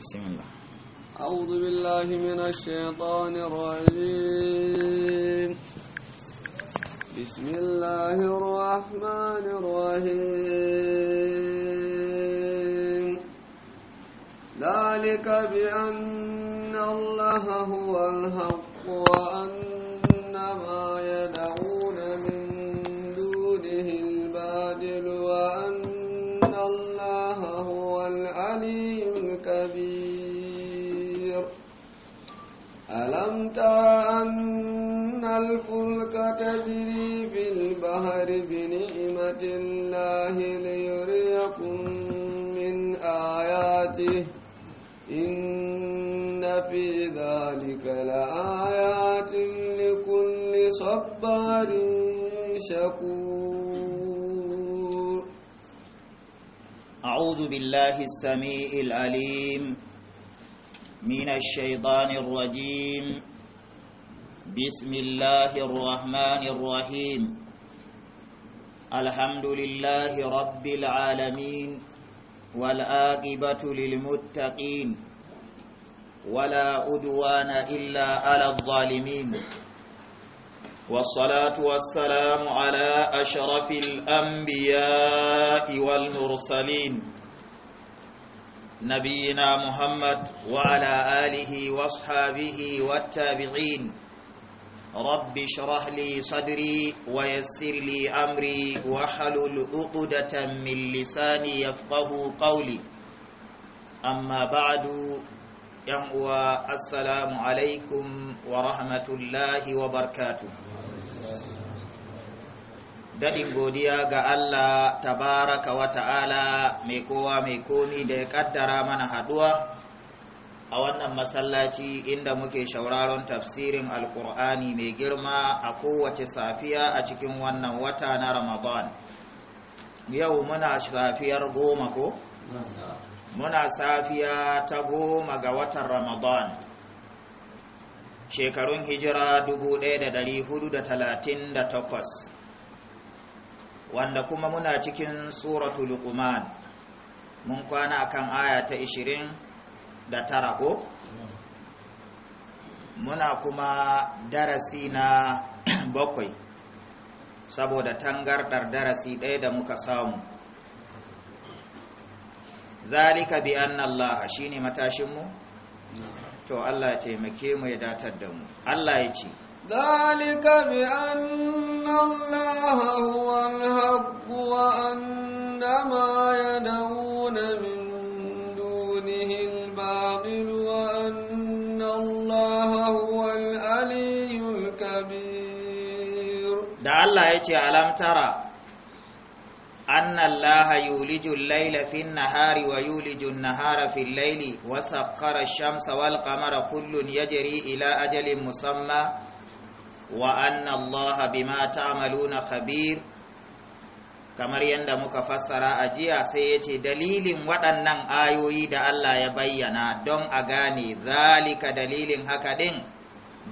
بسم الله أعوذ بالله من الشيطان الرجيم بسم الله الرحمن الرحيم ذلك بأن الله هو الحق ترى أن الفلك تجري في البحر بنعمة الله ليريكم من آياته إن في ذلك لآيات لكل صبار شكور أعوذ بالله السميع العليم من الشيطان الرجيم بسم الله الرحمن الرحيم الحمد لله رب العالمين والآقبة للمتقين ولا أدوان إلا على الظالمين والصلاة والسلام على أشرف الأنبياء والمرسلين نبينا محمد وعلى آله واصحابه والتابعين رب اشرح لي صدري ويسر لي أمري واحلل عقدة من لساني يفقه قولي أما بعد يموى السلام عليكم ورحمة الله وبركاته daɗin godiya ga Allah tabaraka wa ta'ala mai kowa mai komi da ya ƙaddara mana haɗuwa a wannan masallaci inda muke shauraron tafsirin alkur'ani mai girma a kowace safiya a cikin wannan wata na ramadan yau muna safiyar goma ko? muna safiya ta goma ga watan ramadan shekarun hijira 1438 wanda kuma muna cikin suratul luqman mun kwana akan aya ta 20 da tara ko muna kuma darasi na bakwai saboda tangardar darasi ɗaya da muka samu zalika bi annallaha, allaha shine matashinmu to allah ya taimake mu ya datar da mu allah ya ce zalika bi annallaha, allaha huwa alhaq wa anna yad'una min da Allah ya ce alam tara anna allaha yuliju al-laila fi an-nahari wa yuliju nahara fi laili wa shamsa wal qamara kullun yajri ila ajalin musamma wa anna allaha bima ta'maluna khabir kamar yadda muka fassara a jiya sai ya ce dalilin waɗannan ayoyi da Allah ya bayyana don a gane zalika dalilin haka ɗin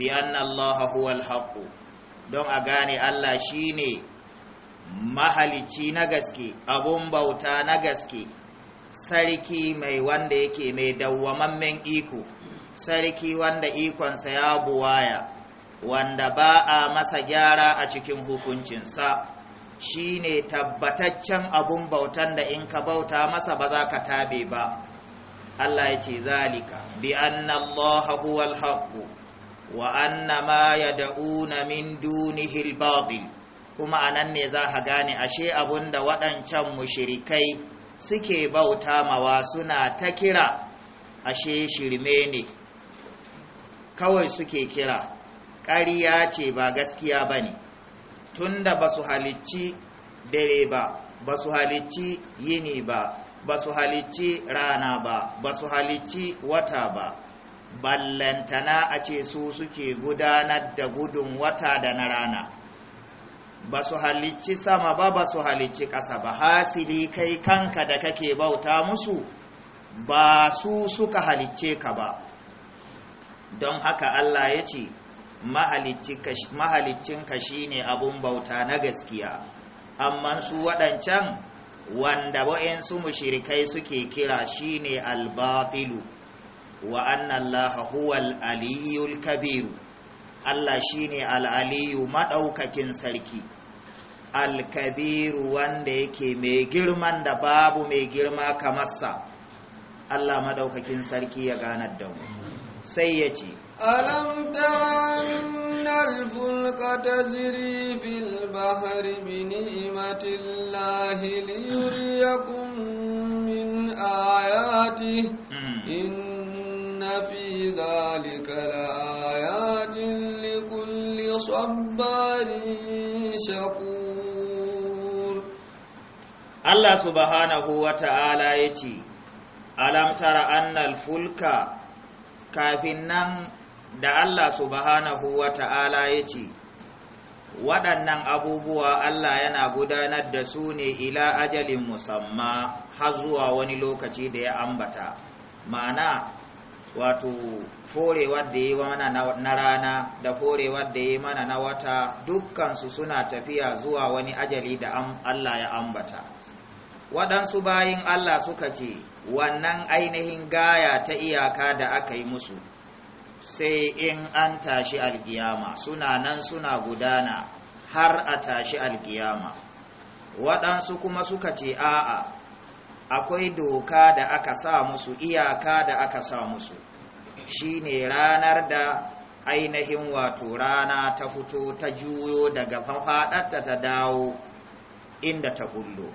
bi anna allaha huwal haqqu don a gane Allah shi ne mahalici na gaske abun bauta na gaske sarki mai wanda yake mai dawwamammen iko sarki wanda ikonsa ya buwaya wanda ba a masa gyara a cikin hukuncinsa shi ne tabbataccen abun bautan da in ka bauta masa ba za ka tabe ba Allah ya ce zalika bi anna Allah huwal haqq wa anna ma da'una min dunihi al-batil kuma anan ne za ka gane ashe da waɗancan mushrikai suke bauta mawa suna ta kira ashe shirme ne kawai suke kira ƙariya ce ba gaskiya bane tunda basu halicci dare ba basu halicci yini ba basu halicci rana ba basu halicci wata ba ballantana a ce su suke gudanar da gudun wata da na rana ba su halicci sama ba ba su halicci ƙasa ba hasili kai kanka da kake bauta musu ba su suka halicce ka ba don haka Allah ya ce mahaliccinka shi ne abun bauta na gaskiya amma su waɗancan wanda wa'insu mushirikai suke kira shi ne albatilu wa anna huwal aliyul kabiru Allah shine al-aliyu madaukakin sarki al-kabiru wanda yake mai girman da babu mai girma kamarsa Allah madaukakin sarki ya ganar da mu sai ya ce alam ta'annal fulka tajri fil bahri bi ni'matillahi liyuriyakum min ayatihi hmm. إن في ذلك لآيات لكل صبار شكور الله سبحانه وتعالى يتي ألم تر أن الفلك كافنا da Allah سبحانه وتعالى ta'ala ya waɗannan abubuwa Allah yana gudanar da su ne ila ajalin musamma har zuwa wani lokaci da ya ambata, ma'ana wato forewar da yi mana na rana da forewar da yi mana na wata dukkansu suna tafiya zuwa wani ajali da Allah ya ambata waɗansu bayin Allah suka ce wannan ainihin gaya ta iyaka da aka yi musu sai in an tashi alkiyama suna nan suna gudana har a tashi alkiyama waɗansu kuma suka ce a'a akwai doka da aka sa musu iyaka da aka sa musu shine ranar da ainihin wato rana ta fito ta juyo daga faɗarta ta dawo inda ta gullo.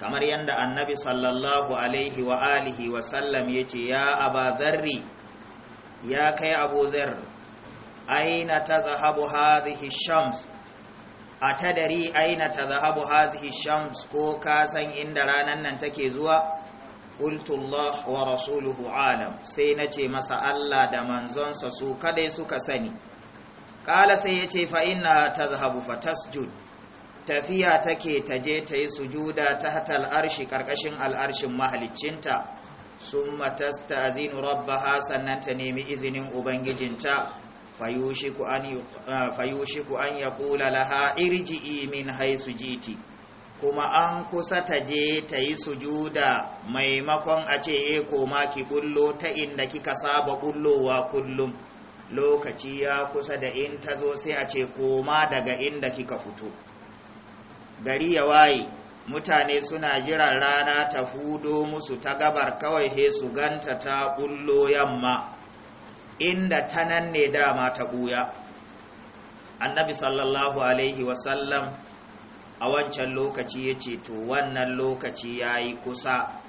kamar yadda annabi sallallahu alaihi wa alihi wa sallam ya ce ya abazarri ya kai abu aina ta zahabu hadhihi shams a tadari aina ta zahabu hazihi shams ko ka san inda ranar nan take zuwa Kultullah wa rasuluhu alam sai na ce masa Allah da manzonsa su kadai suka sani Kala sai ya ce fa'ina ta zahabu fatasjud tafiya take ta je ta yi sujuda ta hatal arshi ƙarƙashin al'arshin mahaliccinta sun matasta azinu rabba sannan ta nemi izinin ubangijinta fayushiku an ya kula laha irji min haisu jiti kuma an kusa ta je ta yi sujuda maimakon a ce e koma ki bullo ta inda kika saba bullowa kullum lokaci ya kusa da in ta zo sai a ce koma daga inda kika fito gari ya waye mutane suna jiran rana ta hudo musu ta gabar kawai he su ganta ta bullo yamma inda ta nan ne dama ta buya annabi sallallahu alaihi wasallam a wancan lokaci ya ce to wannan lokaci ya yi kusa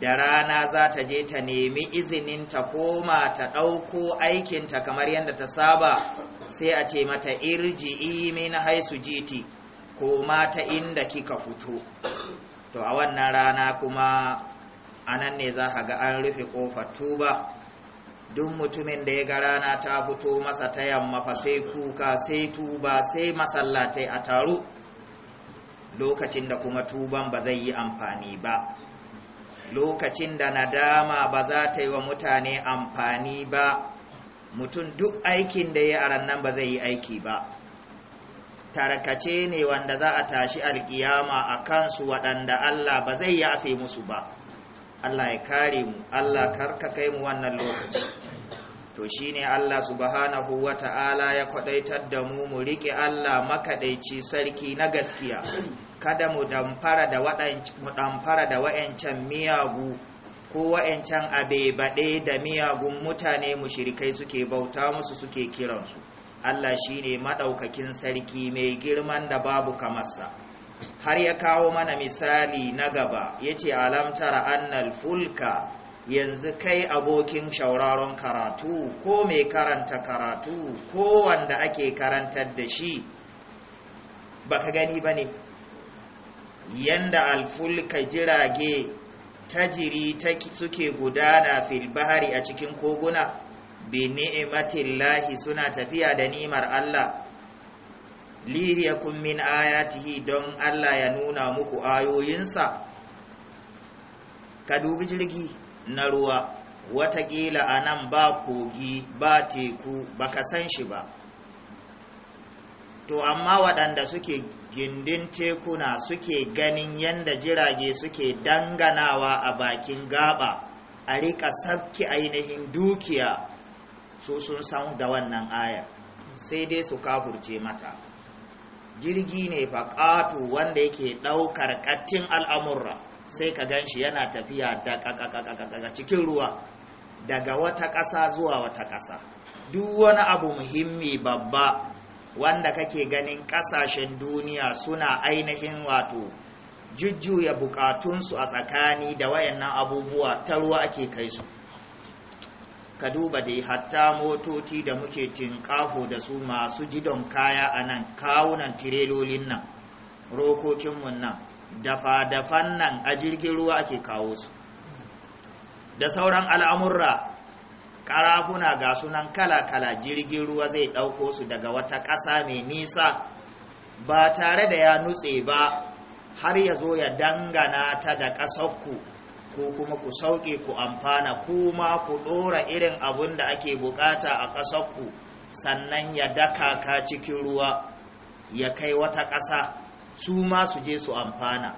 da rana za ta je ta nemi izinin ta koma ta ɗauko aikinta kamar yadda ta saba sai a ce mata irji na haisu jiti koma ta inda kika fito to a wannan rana kuma a nan ne za ga an rufe ƙofar tuba duk mutumin da ya ga rana ta fito masa ta yamma fa sai kuka sai tuba sai masallatai a taro. lokacin da kuma tuban ba zai yi amfani ba lokacin da nadama ba za ta yi wa mutane amfani ba mutum duk aikin da ya aran nan ba zai yi aiki ba tarkace ne wanda za a tashi alkiyama a kansu waɗanda Allah ba zai yafe musu ba Allah ya kare mu Allah karka kai mu wannan lokaci to shi ne Allah subhanahu wata'ala ya kwadaitar da mu mu riƙe Allah makaɗaici sarki na gaskiya kada mu ɗamfara da wayancan miyagu ko wayancan abebaɗe da miyagun mutane mu shirikai suke bauta musu suke kiransu Allah shi ne maɗaukakin sarki mai girman da babu kamarsa har ya kawo mana misali na gaba yace alamtar, annal fulka yanzu kai abokin shauraron karatu ko mai karanta karatu ko wanda ake karantar da shi baka gani ba ne yanda alfulka jirage tajiri ta suke gudana filbahari a cikin koguna bi lahi suna tafiya da nimar Allah liyakun min ayatihi don Allah ya nuna muku ayoyinsa ka dubi jirgi na ruwa wata watakila a nan ba kogi ba teku ba ka san shi ba to amma waɗanda suke gindin tekuna suke ganin yadda jirage suke danganawa a bakin gaba a riƙa sabki ainihin dukiya su sun san da wannan ayar sai dai su kafurce mata jirgi ne faƙatu wanda yake ɗaukar ƙattin al'amurra sai ka gan shi yana tafiya da cikin ruwa daga wata ƙasa zuwa wata ƙasa duk wani abu muhimmi babba wanda kake ganin ƙasashen duniya suna ainihin wato jujjuya bukatunsu a tsakani da wayannan abubuwa ta ruwa ake kai su ka duba dai hatta motoci da muke tinƙafo da su masu jidon kaya a nan kawunan tirelolin nan rokokinmu nan dafa-dafan nan a jirgin ruwa ake kawo su da sauran al'amurra ƙarafuna ga sunan kala-kala jirgin ruwa zai ɗauko su daga wata ƙasa mai nisa ba tare da ya nutse ba har ya zo ya dangana ta da ƙasarku ko kuma ku sauƙe ku amfana kuma ku ɗora irin abun da ake buƙata a ƙasarku sannan ya daka ka cikin ruwa ya kai wata ƙasa su ma su je su amfana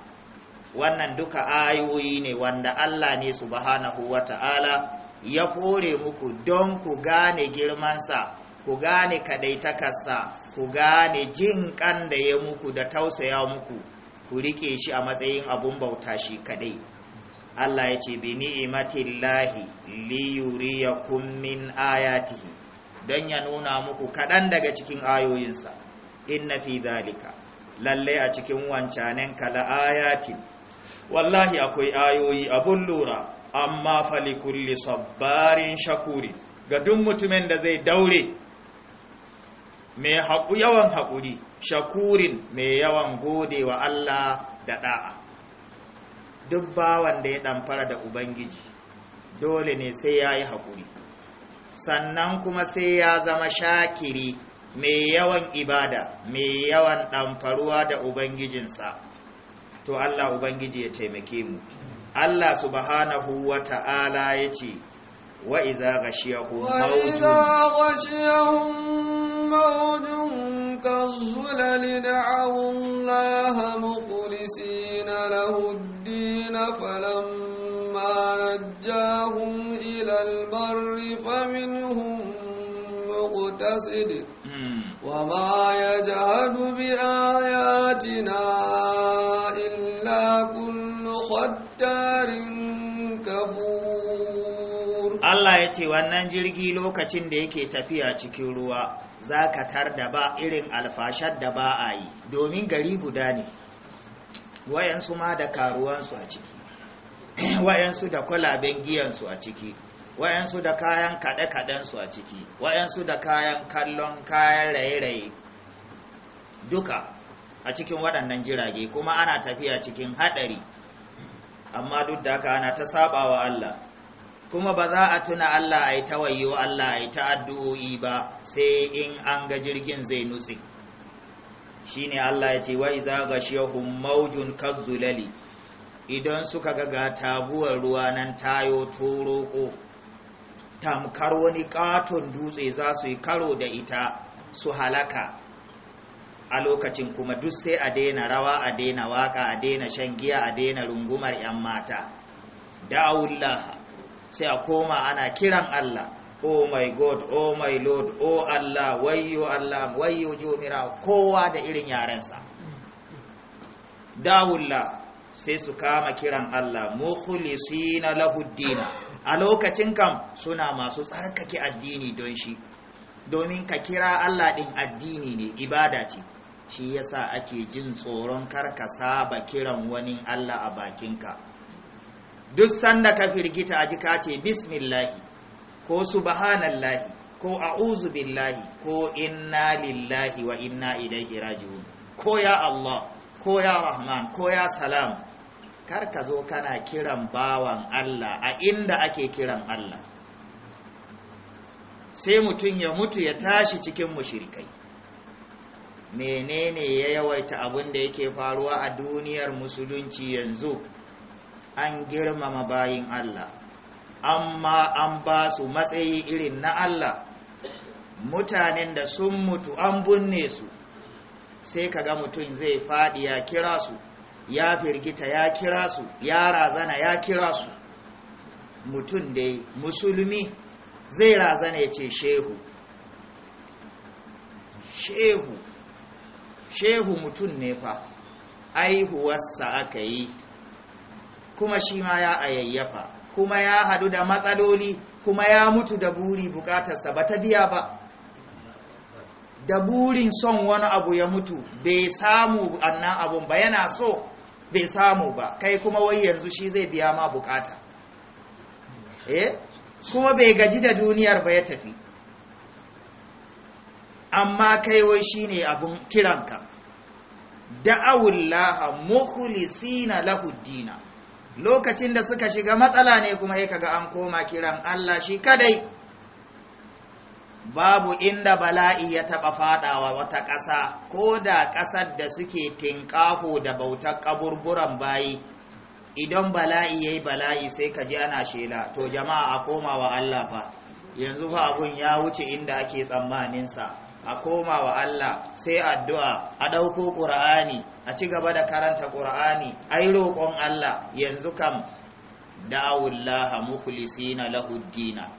wannan duka ayoyi ne wanda Allah ne subhanahu ta'ala ya kore muku don ku gane girmansa ku gane kadaitakarsa ku gane jin kan da ya muku da tausaya muku ku rike shi a matsayin abun bauta shi kadai Allah ya ce bi ni'imatillahi li yuriyakum min ayatihi don ya nuna muku kaɗan daga cikin ayoyinsa inna fi dhalika lalle a cikin wancanen ka la ayatin wallahi akwai ayoyi abun lura amma fali sabbarin shakuri ga duk mutumin da zai daure mai haƙu yawan haƙuri shakurin mai yawan gode wa Allah da ɗa'a duk bawan da ya ɗamfara da Ubangiji dole ne sai ya yi haƙuri sannan kuma sai ya zama shakiri mai yawan ibada mai yawan ɗamfaruwa da ubangijinsa to allah ubangiji ya taimake mu allah subhanahu wa ta'ala ya ce wa iza gashiyahum mawjun kazzulali da'awu allaha mukhlisina lahu ad-din falamma najjahum ila ilal barri faminhum mukutasidin وما يجهد بآياتنا إلا كل ختار Allah ya ce wannan jirgi lokacin da yake tafiya cikin ruwa ka tar da ba irin alfashar da ba a yi domin gari guda ne wayansu ma da karuwansu a ciki wayansu da kwalaben giyansu a ciki wayansu da kayan kaɗe su a ciki wayansu da kayan kallon kayan raye-raye duka a cikin waɗannan jirage kuma ana tafiya cikin haɗari amma duk da haka ana ta saba wa Allah kuma ba za a tuna Allah a yi tawayyo Allah a yi addu'o'i ba sai in an ga jirgin zai nutse shine Allah ya ce wa iza gashiyahum maujun kazzulali idan suka ga taguwar ruwa nan tayo toroko tamkar wani katon dutse za su yi karo da ita su halaka a lokacin kuma duk sai a daina rawa a daina waka a daina shan giya a daina rungumar 'yan mata da'ullah sai a koma ana kiran Allah oh my god oh my lord oh Allah wayyo Allah wayyo jomira kowa da irin yarensa da'ullah sai su kama kiran Allah mukhlisina lahuddina a lokacin kam suna masu tsarkake addini don shi domin ka kira Allah ɗin addini ne ibada ce shi yasa ake jin tsoron kar ka saba kiran wani Allah a bakinka duk sanda ka firgita a ka ce bismillahi ko subhanallahi ko a'uzu billahi ko inna lillahi wa inna ilaihi raji'un ko ya Allah ko ya Rahman ko ya Salam kar ka zo kana kiran bawan Allah a inda ake kiran Allah sai mutum ya mutu ya tashi cikin mushrikai. menene ya yawaita abin da yake faruwa a duniyar musulunci yanzu an girmama bayin Allah amma an ba su matsayi irin na Allah mutanen da sun mutu an binne su sai kaga mutum zai faɗi ya kira su ya firgita ya kira su ya razana ya kira su mutum dai musulmi zai razana ya ce shehu shehu shehu mutum ne fa aihuwarsa aka yi kuma shi ma ya ayayyafa kuma ya hadu da matsaloli kuma ya mutu da buri bukatarsa ba ta biya ba da burin son wani abu ya mutu bai samu annan abun ba yana so bai samu ba kai kuma wai yanzu shi zai biya ma bukata eh kuma bai gaji da duniyar ba ya tafi amma kai wai shine abun kiranka da'awullaha mukhlisina lahu lokacin da suka shiga matsala ne kuma sai kaga an koma kiran Allah shi kadai babu inda bala'i ya taɓa faɗawa wata ƙasa ko da ƙasar da suke tinƙaho da bautar ƙaburburan bayi idan bala'i ya yi bala'i sai ka ji ana shela to jama'a a koma wa Allah fa yanzu fa abun ya wuce inda ake tsammaninsa a koma wa Allah sai addu'a a ɗauko ƙura'ani a ci gaba da karanta ƙura'ani ai roƙon Allah yanzu kam da'awullaha mukhlisina lahuddina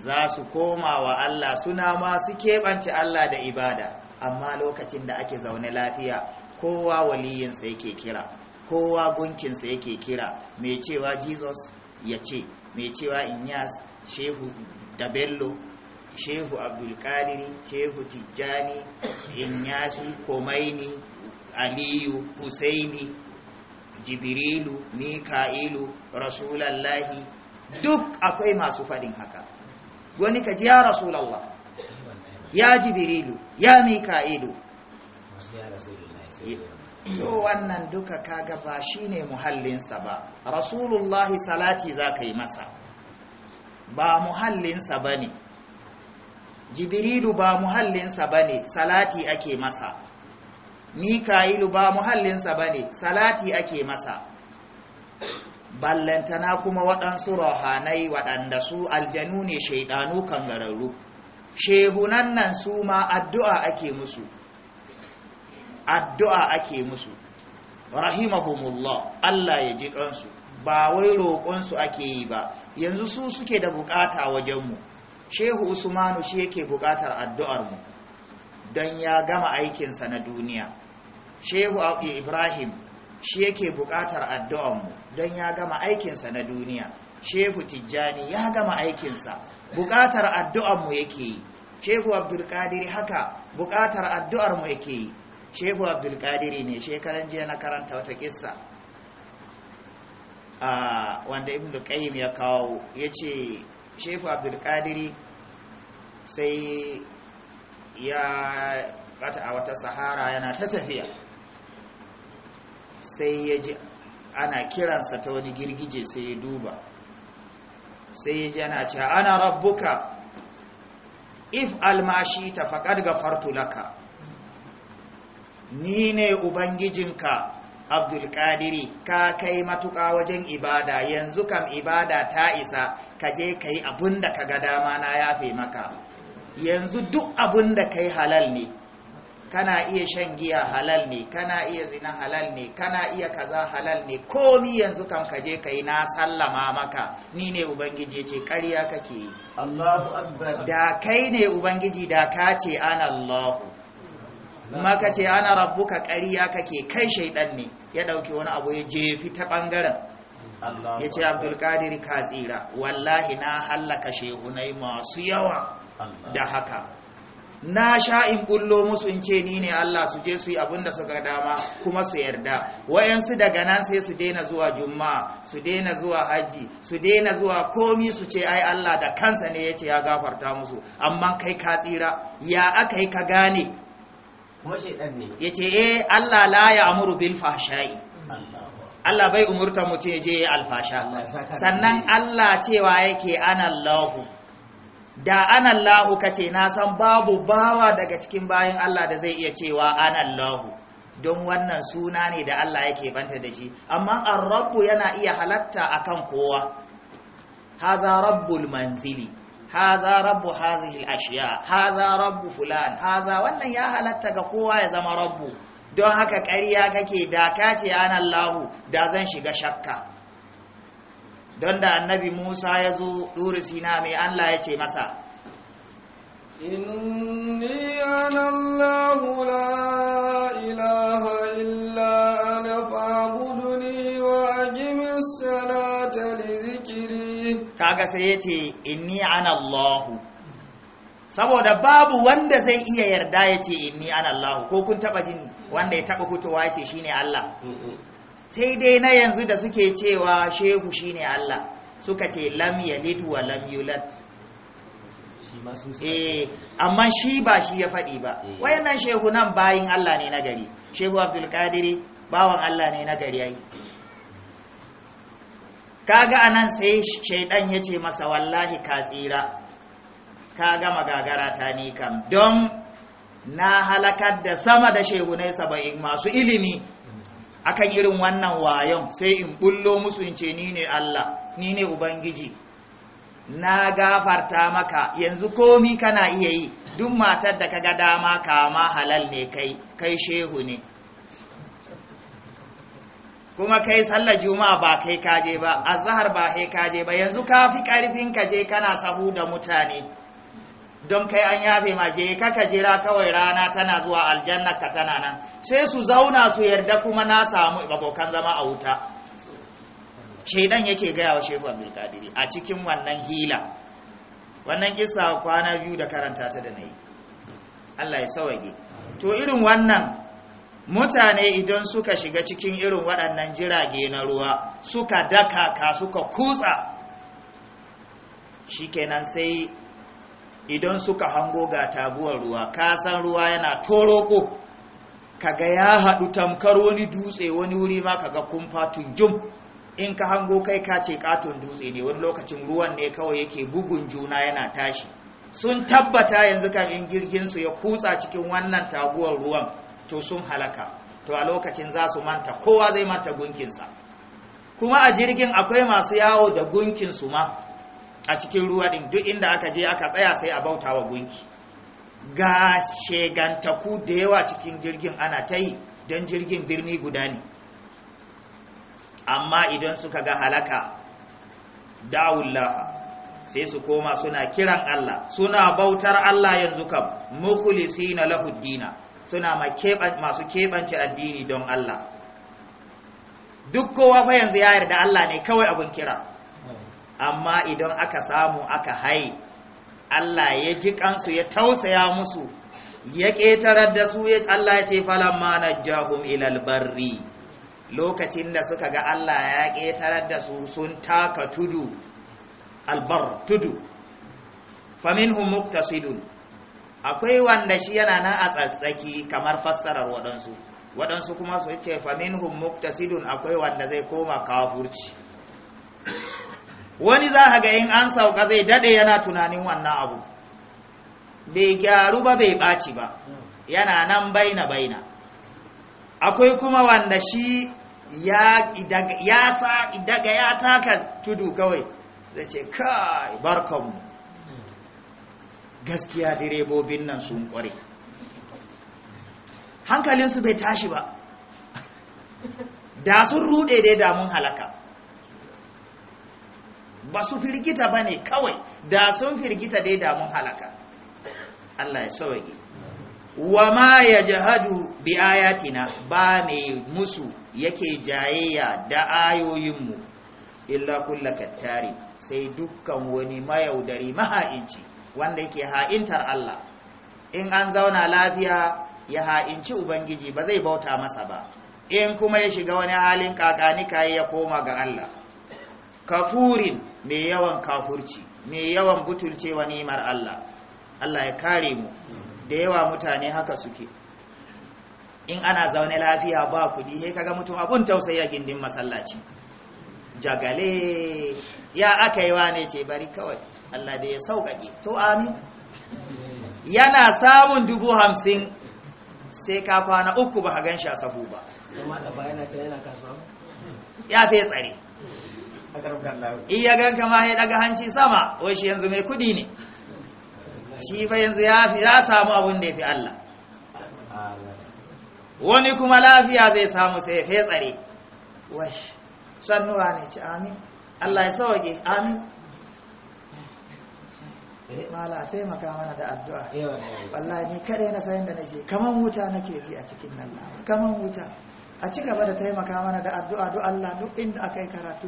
za su koma wa Allah suna masu keɓance Allah da ibada amma lokacin da ake zaune lafiya kowa waliyinsa yake kira kowa gunkinsa yake kira mai cewa jesus ya ce mai cewa inyas shehu da Bello, shehu abdulkadiri shehu tijjani inyashi komaini aliyu husaini Jibirilu, mika'ilu rasulallahi duk akwai masu faɗin haka wani kaji ya rasulallah ya jibirilu ya mika'ilu so wannan duka kaga ba shine muhallinsa ba rasulullahi salati za ka yi masa ba muhallinsa ba ne jibirilu ba muhallinsa ba ne salati ake masa mika'ilu ba muhallinsa ba ne salati ake masa ballantana kuma waɗansu rohanai waɗanda su aljanu ne shaidanu gararru shehunan nan su ma addu'a ake musu addu'a ake musu rahimahumullah Allah ya ji kansu ba wai roƙonsu ake yi ba yanzu su suke da buƙata wajenmu shehu usmanu shi yake buƙatar addu'armu don ya gama aikinsa na duniya shehu ibrahim shi yake buƙatar addu'anmu don ya gama aikinsa na duniya Shefu tijjani ya gama aikinsa buƙatar addu'anmu yake yi Shefu abdulkadiri haka buƙatar addu'armu yake yi Shefu abdulkadiri ne shekaran jiya na karanta wata ƙisa wanda ibn qayyim ya kawo ya ce shefu abdulkadiri sai ya bata a wata sahara yana ta tafiya sai ya ji ana kiransa ta wani girgije sai ya duba sai ya ji ana ce ana rabbuka if almashi ta faƙad gafartu laka ni ne ubangijinka abdulkadiri ka kai matuƙa wajen ibada yanzu kam ibada ta isa ka je ka yi abin da ka ga dama na yafe maka yanzu duk abin da ka yi halal ne kana iya shan giya halal ne kana iya zina halal ne kana iya kaza halal ne komi yanzu kam ka je kai na sallama maka ni ne ubangiji ce ƙarya kake Allahu akbar da kai ne ubangiji da ka ce ana Allahu maka ce ana rabbuka ƙarya kake kai shaidan ne ya dauki wani abu ya jefi ta bangaren ya ce abdulkadir ka tsira wallahi na hallaka shehunai masu yawa da haka na sha in bullo musu in ce ni ne Allah su je su yi abin da suka dama kuma su yarda wayansu daga nan sai su daina zuwa juma'a su daina zuwa haji su daina zuwa komi su ce ai Allah da kansa ne yace ya gafarta musu amma kai ka tsira ya aka yi ka gane kuma shedan ne yace eh Allah la ya amuru bil fahsha'i Allah bai umurta mutum ya je alfasha sannan Allah cewa yake anallahu da anallahu kace na san babu bawa daga cikin bayan Allah da zai iya cewa anallahu don wannan suna ne da Allah yake banta da shi amma ar yana iya halatta akan kowa haza rabbul manzili haza rabbu hazihi al-ashiya haza rabbu fulan haza wannan ya halatta ga kowa ya zama rabbu don haka ƙarya kake da kace anallahu da zan shiga shakka don da annabi musa ya zo ɗuri sina mai allah ya ce masa inni anallahu la ilaha illa ana fa'buduni wa aqimis salata li zikiri kaga sai ya ce inni anallahu saboda babu wanda zai iya yarda ya ce inni anallahu ko kun taba jini wanda ya taba fitowa ya ce shine allah sai dai na yanzu da suke cewa shehu shi ne Allah suka ce lam yalid wa lam yulad eh amma shi ba shi ya faɗi ba eh. wayannan shehu nan bayin Allah ne na gari shehu Abdul Qadiri bawan Allah ne na gari yayi kaga anan sai shaidan ya ce masa wallahi ka tsira ka gama gagarata ta ni kam don na halakar da sama da shehunai saba'in masu ilimi akan irin wannan wayon sai in bullo musu in ce ni ne Allah ni ne ubangiji na gafarta maka yanzu komi kana iya yi duk matar da kaga dama kama halal ne kai kai shehu ne kuma kai sallar juma'a ba kai kaje ba azhar ba kai kaje ba yanzu ka fi karfin kaje kana sahu da mutane don kai an yafe ma je kaka jira kawai rana tana zuwa aljanna ka tana nan sai su zauna su yarda kuma na samu abokan zama a wuta shaidan yake gaya wa shehu kadiri a cikin wannan hila wannan kisa kwana biyu da karanta ta da nayi Allah ya sauke to irin wannan mutane idan suka shiga cikin irin waɗannan jirage na ruwa suka daka ka suka kutsa shikenan sai idan suka hango ga taguwar ruwa kasan ruwa yana toro toroko kaga ya haɗu tamkar wani dutse wani wuri ma kaga kumfa jum. in ka hango kai ka ce katon dutse ne wani lokacin ruwan ne kawai yake bugun juna yana tashi sun tabbata yanzu kan in jirginsu ya kutsa cikin wannan taguwar ruwan to sun halaka to a lokacin za su manta kowa zai manta gunkinsa kuma a jirgin akwai masu yawo da gunkinsu ma a cikin ruwa din duk inda aka je aka tsaya sai a bauta wa gunki ga shegantaku da yawa cikin jirgin ana ta yi don jirgin birni guda ne amma idan suka ga halaka da'ullaha sai su koma suna kiran Allah suna bautar Allah yanzu kam na lahuddina suna masu keɓance addini don Allah duk kowa fa yanzu ya yarda Allah ne kawai abin kira amma idan aka samu aka hai Allah ya ji kansu ya tausaya musu ya ƙetarar da su Allah ya ce falamma na ilal barri lokacin da suka ga Allah ya ƙetarar da su sun taka tudu albar tudu faminhum muqtasidun akwai wanda shi yana nan a tsatsaki kamar fassarar waɗansu waɗansu kuma su ce faminhum muqtasidun akwai wanda zai koma kafurci wani za ga in an sauka zai dade yana tunanin wannan abu bai gyaru ba bai ɓaci ba yana nan baina baina akwai kuma wanda shi ya ya sa daga ya taka tudu kawai zai ce kai barkanmu gaskiya direbobin nan sun kware hankalinsu bai tashi ba da sun ruɗe dai damun halaka ba su firgita ba ne kawai da sun firgita dai da mun halaka Allah ya sauye wa ma ya jihadu bi ayatina ba mai musu yake jayayya da ayoyinmu illa kulla kattari sai dukkan wani mayaudari maha'inci wanda yake ha'intar Allah in an zauna lafiya ya ha'inci ubangiji ba zai bauta masa ba in kuma ya shiga wani halin kakanika ya koma ga Allah kafurin mai yawan kafurci mai yawan butulcewa ni'imar Allah Allah ya kare mu da yawa mutane haka suke in ana zaune lafiya ba kudi he kaga mutum abun tausayi a gindin masallaci jagale ya aka yi wane ce bari kawai Allah da ya sauƙaƙe to amin yana samun dubu hamsin sai ka kwana uku ba gan shi a safu ba ya fi tsare iyagan ya ma ya daga hanci sama wai shi yanzu mai kudi ne shi fa yanzu ya fi za samu abin da ya fi Allah wani kuma lafiya zai samu sai fai tsare wash sannuwa ne ci amin Allah ya sauke amin mala a taimaka mana da addu'a wallahi ni kadai na sayan da nake kaman wuta nake ji a cikin nan kaman wuta a ci gaba da taimaka mana da addu'a duk Allah duk inda akai karatu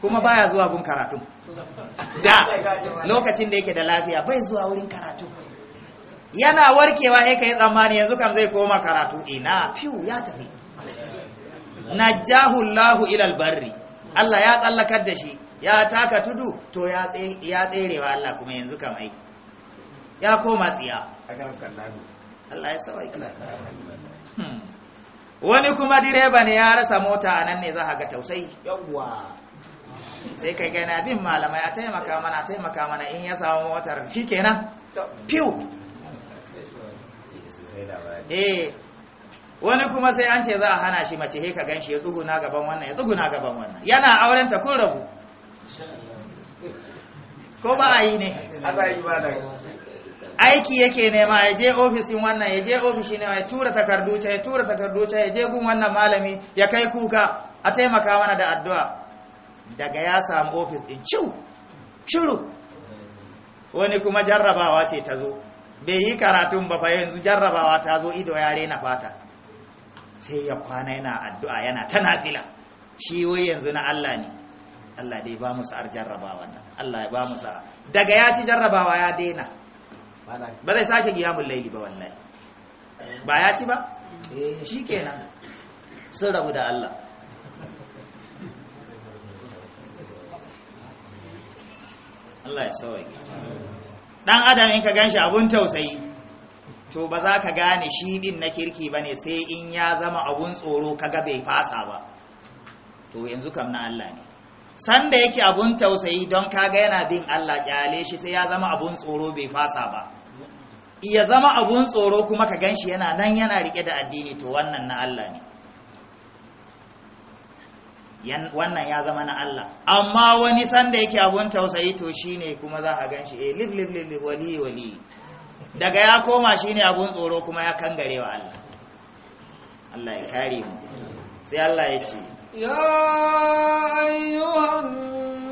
kuma baya zuwa gun karatu da lokacin da yake da lafiya bai zuwa wurin karatu yana warkewa ya kai tsammani yanzu kam zai koma karatu ina fiyu ya tafi na Allahu ilal albarri Allah ya tsallakar da shi ya taka tudu to ya tserewa Allah kuma yanzu kam ai ya koma tsiya Allah ya sawaika wani kuma direba ne ya rasa mota a nan ne za a ga tausayi yawwa sai kai gana bin malamai a taimaka mana a taimaka mana in ya samu motar shi kenan piu eh. wani kuma sai an ce za a hana shi mace heka ka gan shi ya tsuguna gaban wannan ya tsuguna gaban wannan yana auren kun rabu ko ba a yi ne aiki yake nema ya je ofisin wannan ya je ofishin ya tura takardu ya tura takardu ya je gun wannan malami ya kai kuka a taimaka mana da addu'a daga ya samu ofis din ciu shiru wani kuma jarrabawa ce ta zo bai yi karatun ba fa yanzu jarrabawa ta zo ido ya rena fata sai ya kwana yana addu'a yana ta nafila shi wai yanzu na Allah ne Allah dai ba mu sa'ar jarrabawa nan Allah ya ba mu sa'a daga ya ci jarrabawa ya daina ba zai sake giyamun laili ba wallahi ba ya ci ba eh. shi kenan sun rabu da Allah Allah ya sauwaƙi ɗan adam in ka gan shi abun tausayi to ba za ka gane shi ɗin na kirki ba ne sai in ya zama abun tsoro kaga bai fasa ba to yanzu kam na Allah ne sanda yake abun tausayi don kaga yana bin Allah kyale shi sai ya zama abun tsoro bai fasa ba ya zama abun tsoro kuma ka ganshi yana nan yana rike da addini to wannan na Allah ne wannan ya zama na Allah amma wani sanda yake abun tausayi to shine kuma za a ganshi eh lib lib lib wali wali daga ya koma shine abun tsoro kuma ya kangarewa Allah Allah ya kare mu sai Allah ya ce ya ayyuhan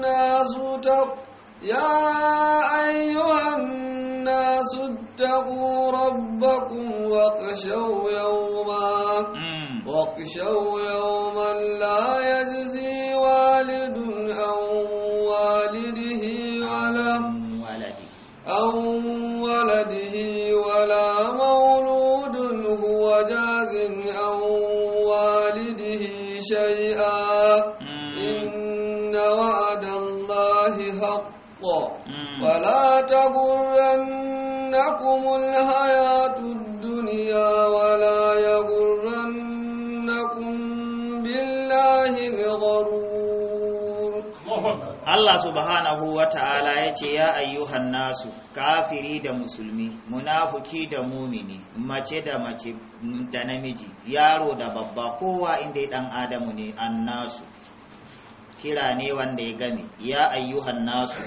nasu ta ya ayyuhan الناس اتقوا ربكم واخشوا يوما واخشوا يوما لا يجزي والد عن والده ولا عن ولده ولا مولود هو جاز عن والده شيئا فلا تغرنكم الحياة الدنيا ولا يغرنكم بالله الغرور Allah subhanahu wa ta'ala ya ce, “Ya ayyuhan nasu, kafiri da musulmi, munafuki da mumini, mace da mace da namiji, yaro da babba, kowa inda ɗan Adamu ne, an nasu, kira ne wanda ya gami, ya ayyuhan nasu,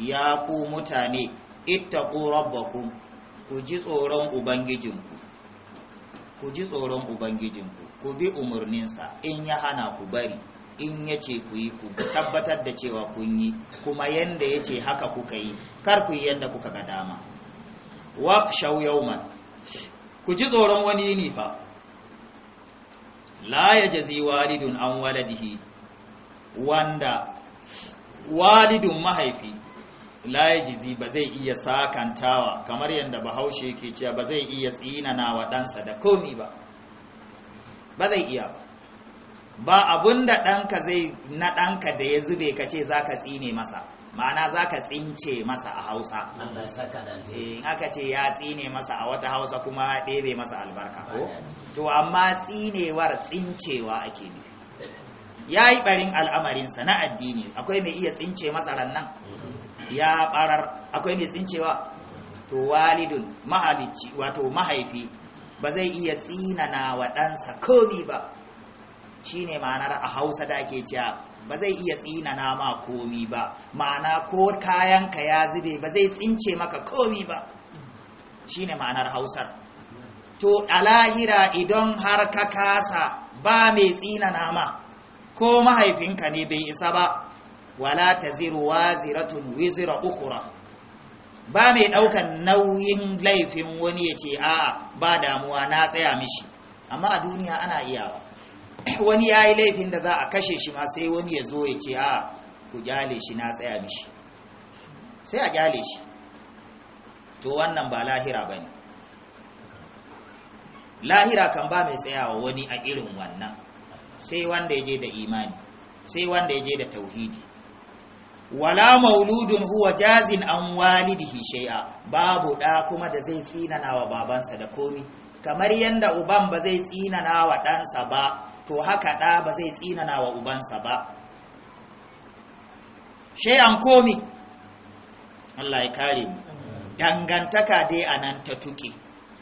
ya ku mutane ittaqu rabbakum ku ji tsoron ubangijinku ku ji tsoron ubangijinku ku bi umarninsa in ya hana ku bari in ya ce ku yi ku tabbatar da cewa kun yi kuma yanda ya ce haka kuka yi kar ku yi yanda kuka ga dama shau yauman. ku ji tsoron wani yini fa la jazi walidun an waladihi wanda walidun mahaifi layajizi ba zai iya sakantawa kamar yadda bahaushe ke cewa ba zai iya tsinana wa ɗansa da komi ba ba zai iya ba ba abun da ɗanka zai na ɗanka da ya zube ka ce za ka tsine masa ma'ana za ka tsince masa a hausa eh, in aka ce ya tsine masa a wata hausa kuma ɗebe masa albarka ko to amma tsinewar tsincewa ake ne ya yi ɓarin al'amarinsa na addini akwai mai iya tsince masa nan. ya barar akwai mai tsincewa to walidun mahalicci wato mahaifi ba zai iya tsinana wa ɗansa komi ba Shi ne ma'anar a hausa da ake cewa ba zai iya tsinana ma komi ba ma'ana ko kayanka ya zube ba zai tsince maka komi ba Shi ne ma'anar hausar to a lahira idan har ka kasa ba mai tsinana ma ko mahaifinka ne bai isa ba wala taziru waziratun wizra ukura ba mai daukan nauyin laifin wani ya ce a'a ba damuwa na tsaya mishi amma a duniya ana iyawa wani ya yi laifin da za a kashe shi ma sai wani ya zo ya ce a'a ku gyale shi na tsaya mishi sai a gyale shi to wannan ba lahira ba ne lahira kan ba mai tsayawa wani a irin wannan sai wanda ya je da imani sai wanda ya je da tauhidi wala mauludun huwa jazin an walidihi shay'a babu da kuma da zai tsinana wa babansa da komi kamar yanda uban ba zai tsinana wa ɗansa ba to haka ɗa ba zai tsinana wa ubansa ba shay'an komi Allah ya kare mu dangantaka dai anan ta tuke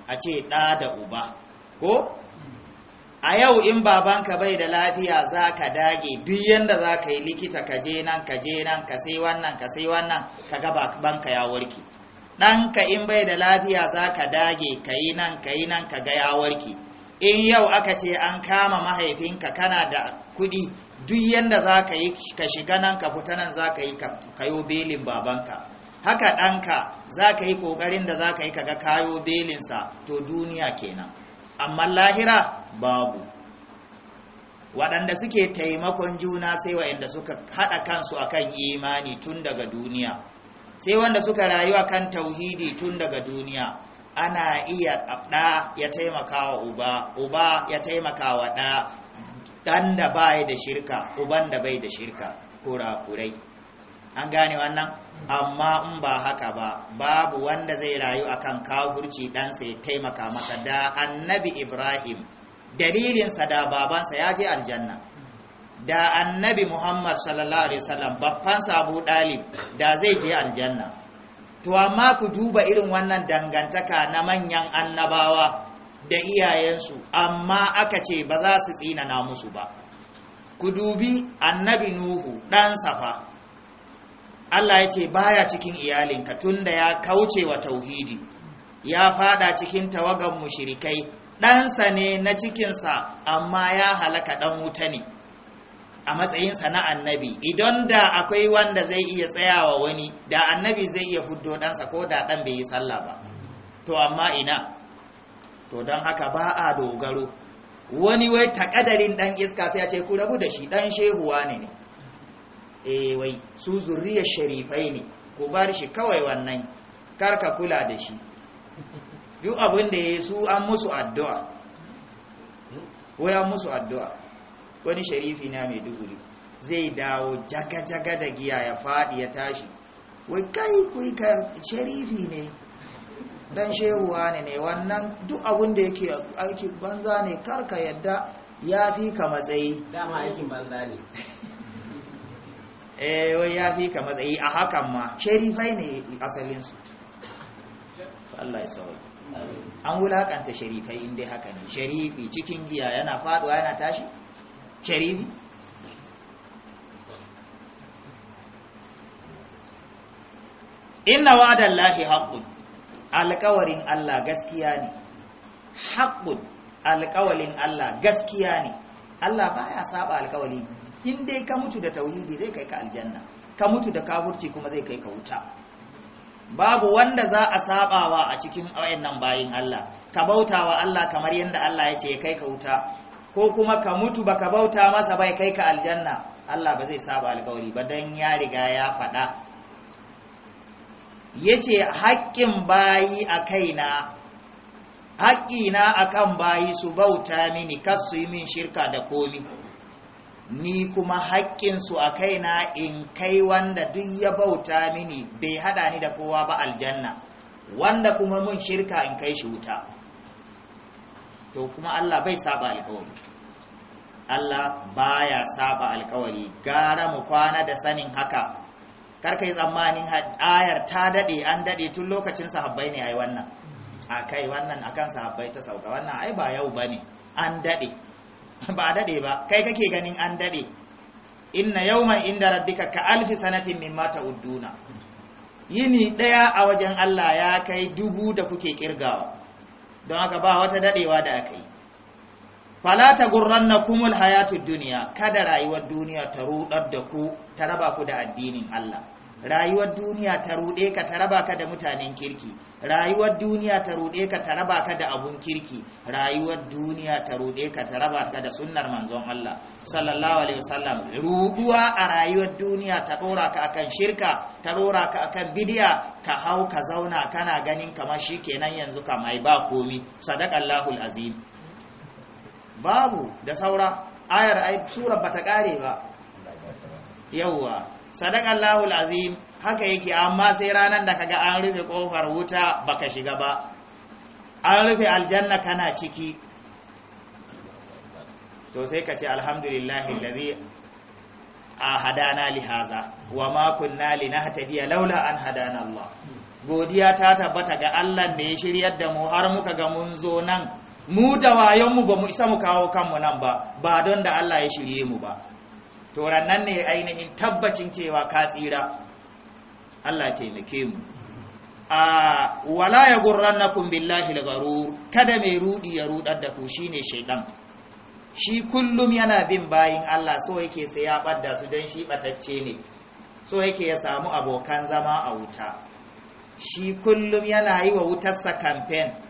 a ce ɗa da uba ko a yau in babanka bai da lafiya za ka dage duk yadda za ka yi likita ka je nan ka je nan ka sai wannan ka sai wannan ka ga babanka ya warke ɗanka in bai da lafiya za ka dage ka yi nan ka yi nan ka ga ya in yau aka ce an kama mahaifinka kana da kuɗi duk yadda za ka yi ka shiga nan ka fita nan za ka yi kayo belin babanka haka ɗanka za ka yi ƙoƙarin da za ka yi ka ga kayo belinsa to duniya kenan amma lahira babu waɗanda suke taimakon juna sai waɗanda suka haɗa kansu akan imani tun daga duniya sai wanda suka rayu akan tauhidi tun daga duniya ana iya ɗa ya taimaka wa uba uba ya taimaka wa ɗa ɗan da bai da shirka uban da bai da shirka kurakurai an gane wannan amma in ba haka ba babu wanda zai rayu akan kafurci dan ya taimaka masa da annabi ibrahim dalilinsa da babansa ya je aljanna da annabi muhammad sallallahu alaihi wasallam babban sabu dalib da zai je aljanna to amma ku duba irin wannan dangantaka na manyan annabawa da iyayensu amma aka ce ba za su tsinana musu ba ku dubi annabi nuhu dan safa Allah ya ce baya cikin iyalinka tunda ya kauce wa tauhidi ya fada cikin tawagan mushrikai ɗansa ne na cikinsa amma ya halaka ɗan wuta ne a matsayinsa na annabi idan da akwai wanda zai iya tsayawa wani da annabi zai iya huddo ɗansa ko da ɗan bai yi sallah ba to amma ina to don haka ba a dogaro wani wai takadarin ɗan iska sai ya ce ku rabu da shi ɗan shehuwa ne ne Eh, wai su zurriya sharifai ne ko bar shi kawai wannan kar ka kula da shi duk abin da ya su an musu addu'a wai an musu addu'a wani sharifi na mai duguri zai dawo jaga-jaga da giya ya faɗi ya tashi wai kai kuyi ka sharifi ne dan shehuwa ne ne wannan duk abin da yake aiki banza ne karka yadda ya fi ka matsayi dama aikin banza ne eh wai ya fi ka matsayi a hakan ma sharifai ne asalinsu Allah ya sauri. an wulakanta sharifai inda haka ne sharifi cikin giya yana faɗuwa, yana tashi sharifi inna wa'adan lahi haƙƙun alƙawarin Allah gaskiya ne Haƙƙun alƙawarin Allah gaskiya ne Allah baya saba alƙawari in dai ka mutu da tauhidi zai kai ka aljanna ka mutu da kafirci kuma zai kai ka wuta babu wanda za a sabawa a cikin wayannan bayin Allah ka bautawa Allah kamar yadda Allah ya ce ya kai ka wuta ko kuma ka mutu baka bauta masa bai kai ka aljanna Allah ba zai saba alkawari ba dan ya riga ya faɗa yace haƙƙin bayi a kaina haƙƙina akan bayi su bauta mini kar su yi min shirka da komi ni kuma haƙƙinsu a kaina in kai wanda duk ya bauta mini bai haɗa ni da kowa ba aljanna wanda kuma mun shirka in kai shi wuta to kuma Allah bai saba alkawari Allah baya saba alkawari gara mu kwana da sanin haka karka yi tsammanin ayar ta daɗe an daɗe tun lokacin sahabbai ne ai wannan a kai wannan akan sahabbai ta sauka wannan ai ba yau bane an daɗe ba a daɗe ba kai kake ganin an daɗe inna yawman inda rabbika ka alfi sanatin mimma ta'udduna yini ɗaya a wajen Allah ya kai dubu da kuke kirgawa don haka ba wata daɗewa da aka yi fala kumul hayatun duniya, kada rayuwar duniya ta rudar da ku ta raba ku da addinin Allah rayuwar duniya ta ruɗe ka ta raba ka da mutanen kirki rayuwar duniya ta ruɗe ka ta raba ka da abun kirki rayuwar duniya ta ruɗe ka ta raba ka da sunnar manzon Allah sallallahu alaihi wasallam ruduwa a rayuwar duniya ta dora ka akan shirka ta dora ka akan bidiya ka hau ka zauna kana ganin kamar shikenan yanzu mai ba komi sadaqallahu azim babu da saura ayar ai sura bata kare ba yawwa sadaqallahu azim haka yake amma sai ranan da kaga an rufe kofar wuta baka shiga ba an rufe aljanna kana ciki to sai ka ce alhamdulillahi allazi a hadana lihaza wa ma kunna linahtadiya laula an hadana Allah godiya ta tabbata ga Allah da ya shiryar da mu har muka ga mun zo nan mu da wayon mu mu isa mu kawo kanmu nan ba ba don da Allah ya shirye mu ba to nan ne ainihin tabbacin cewa ka tsira Allah taimake mu a wala ya na billahi da Garu? kada mai rudi ya rudar da ku shine shaidan. shi kullum yana bin bayin Allah so yake sai ya badda su don shi batacce ne so yake ya samu abokan zama a wuta shi kullum yana yi wa wutarsa kamfen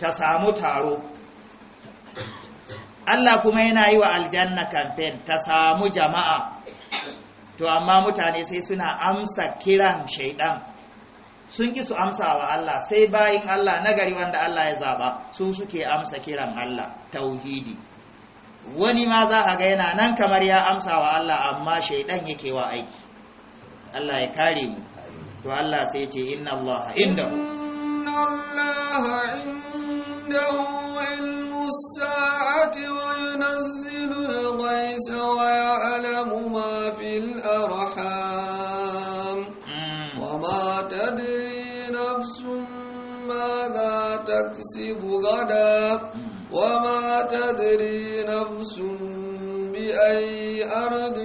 ta samu taro Allah kuma yana yi wa aljanna kamfen ta samu jama'a to amma mutane sai suna amsa kiran shaidan sun ki su amsa wa Allah sai bayin Allah nagari wanda Allah ya zaba su suke amsa kiran Allah tauhidi wani ma za a ga yana nan kamar ya amsa wa Allah amma shaidan yake wa aiki Allah ya kare mu to Allah sai ce inna Allah inda inna Allah inda عنده علم الساعة وينزل الغيث ويعلم ما في الأرحام وما تدري نفس ماذا تكسب غدا وما تدري نفس بأي أرض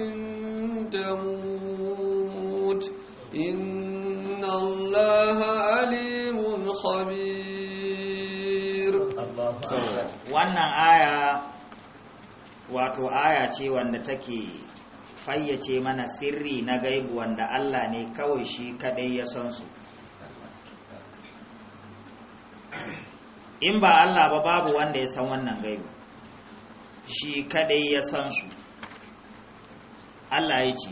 تموت إن الله wannan aya wato aya ce wanda take fayyace mana sirri na gaibu wanda Allah ne kawai shi kadai ya san su in ba Allah ba babu wanda ya san wannan gaibu shi kadai ya san su Allah ya ce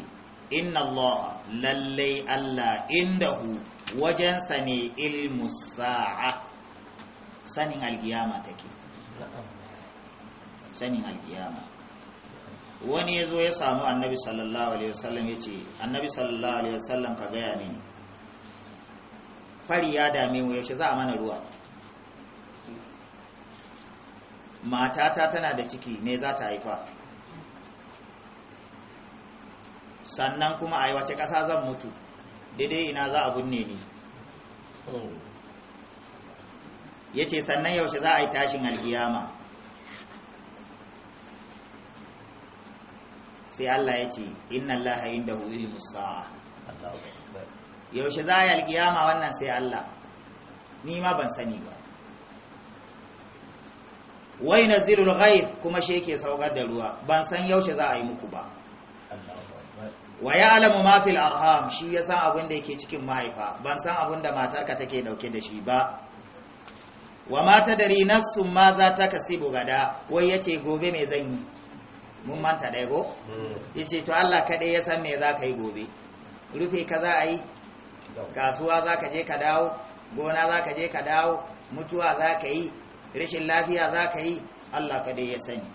inna Allah lallai Allah indahu wajensa ne ilmu sa'a sanin alkiyama take sanin alkiyama wani ya zo ya samu annabi sallallahu alaihi wasallam ya ce annabi sallallahu alaihi wasallam ka gaya mini fari ya dame mu yaushe za a mana ruwa matata tana da ciki me za ta haifa sannan kuma a yi wace ƙasa zan mutu daidai ina za a binne ni oh. ya ce sannan yaushe za a yi tashin alkiyama sai Allah ya ce inna Allah hu ilmu sa'a yaushe za ya alkiyama wannan sai Allah ni ma ban sani ba wai nazirul ghaif kuma shi yake saukar da ruwa ban san yaushe za a yi muku ba wa Alamu ma fil arham shi ya san abin da yake cikin mahaifa ban san abin da matarka take dauke da shi ba wa ma tadri nafsun ma za ta kasibu gada wai yace gobe me zan yi mun manta ɗaya go? ya ce to allah kaɗai ya san me za ka yi gobe rufe ka za a yi kasuwa za ka je ka dawo gona za ka je ka dawo mutuwa za ka yi rashin lafiya za ka yi allah kaɗai ya sani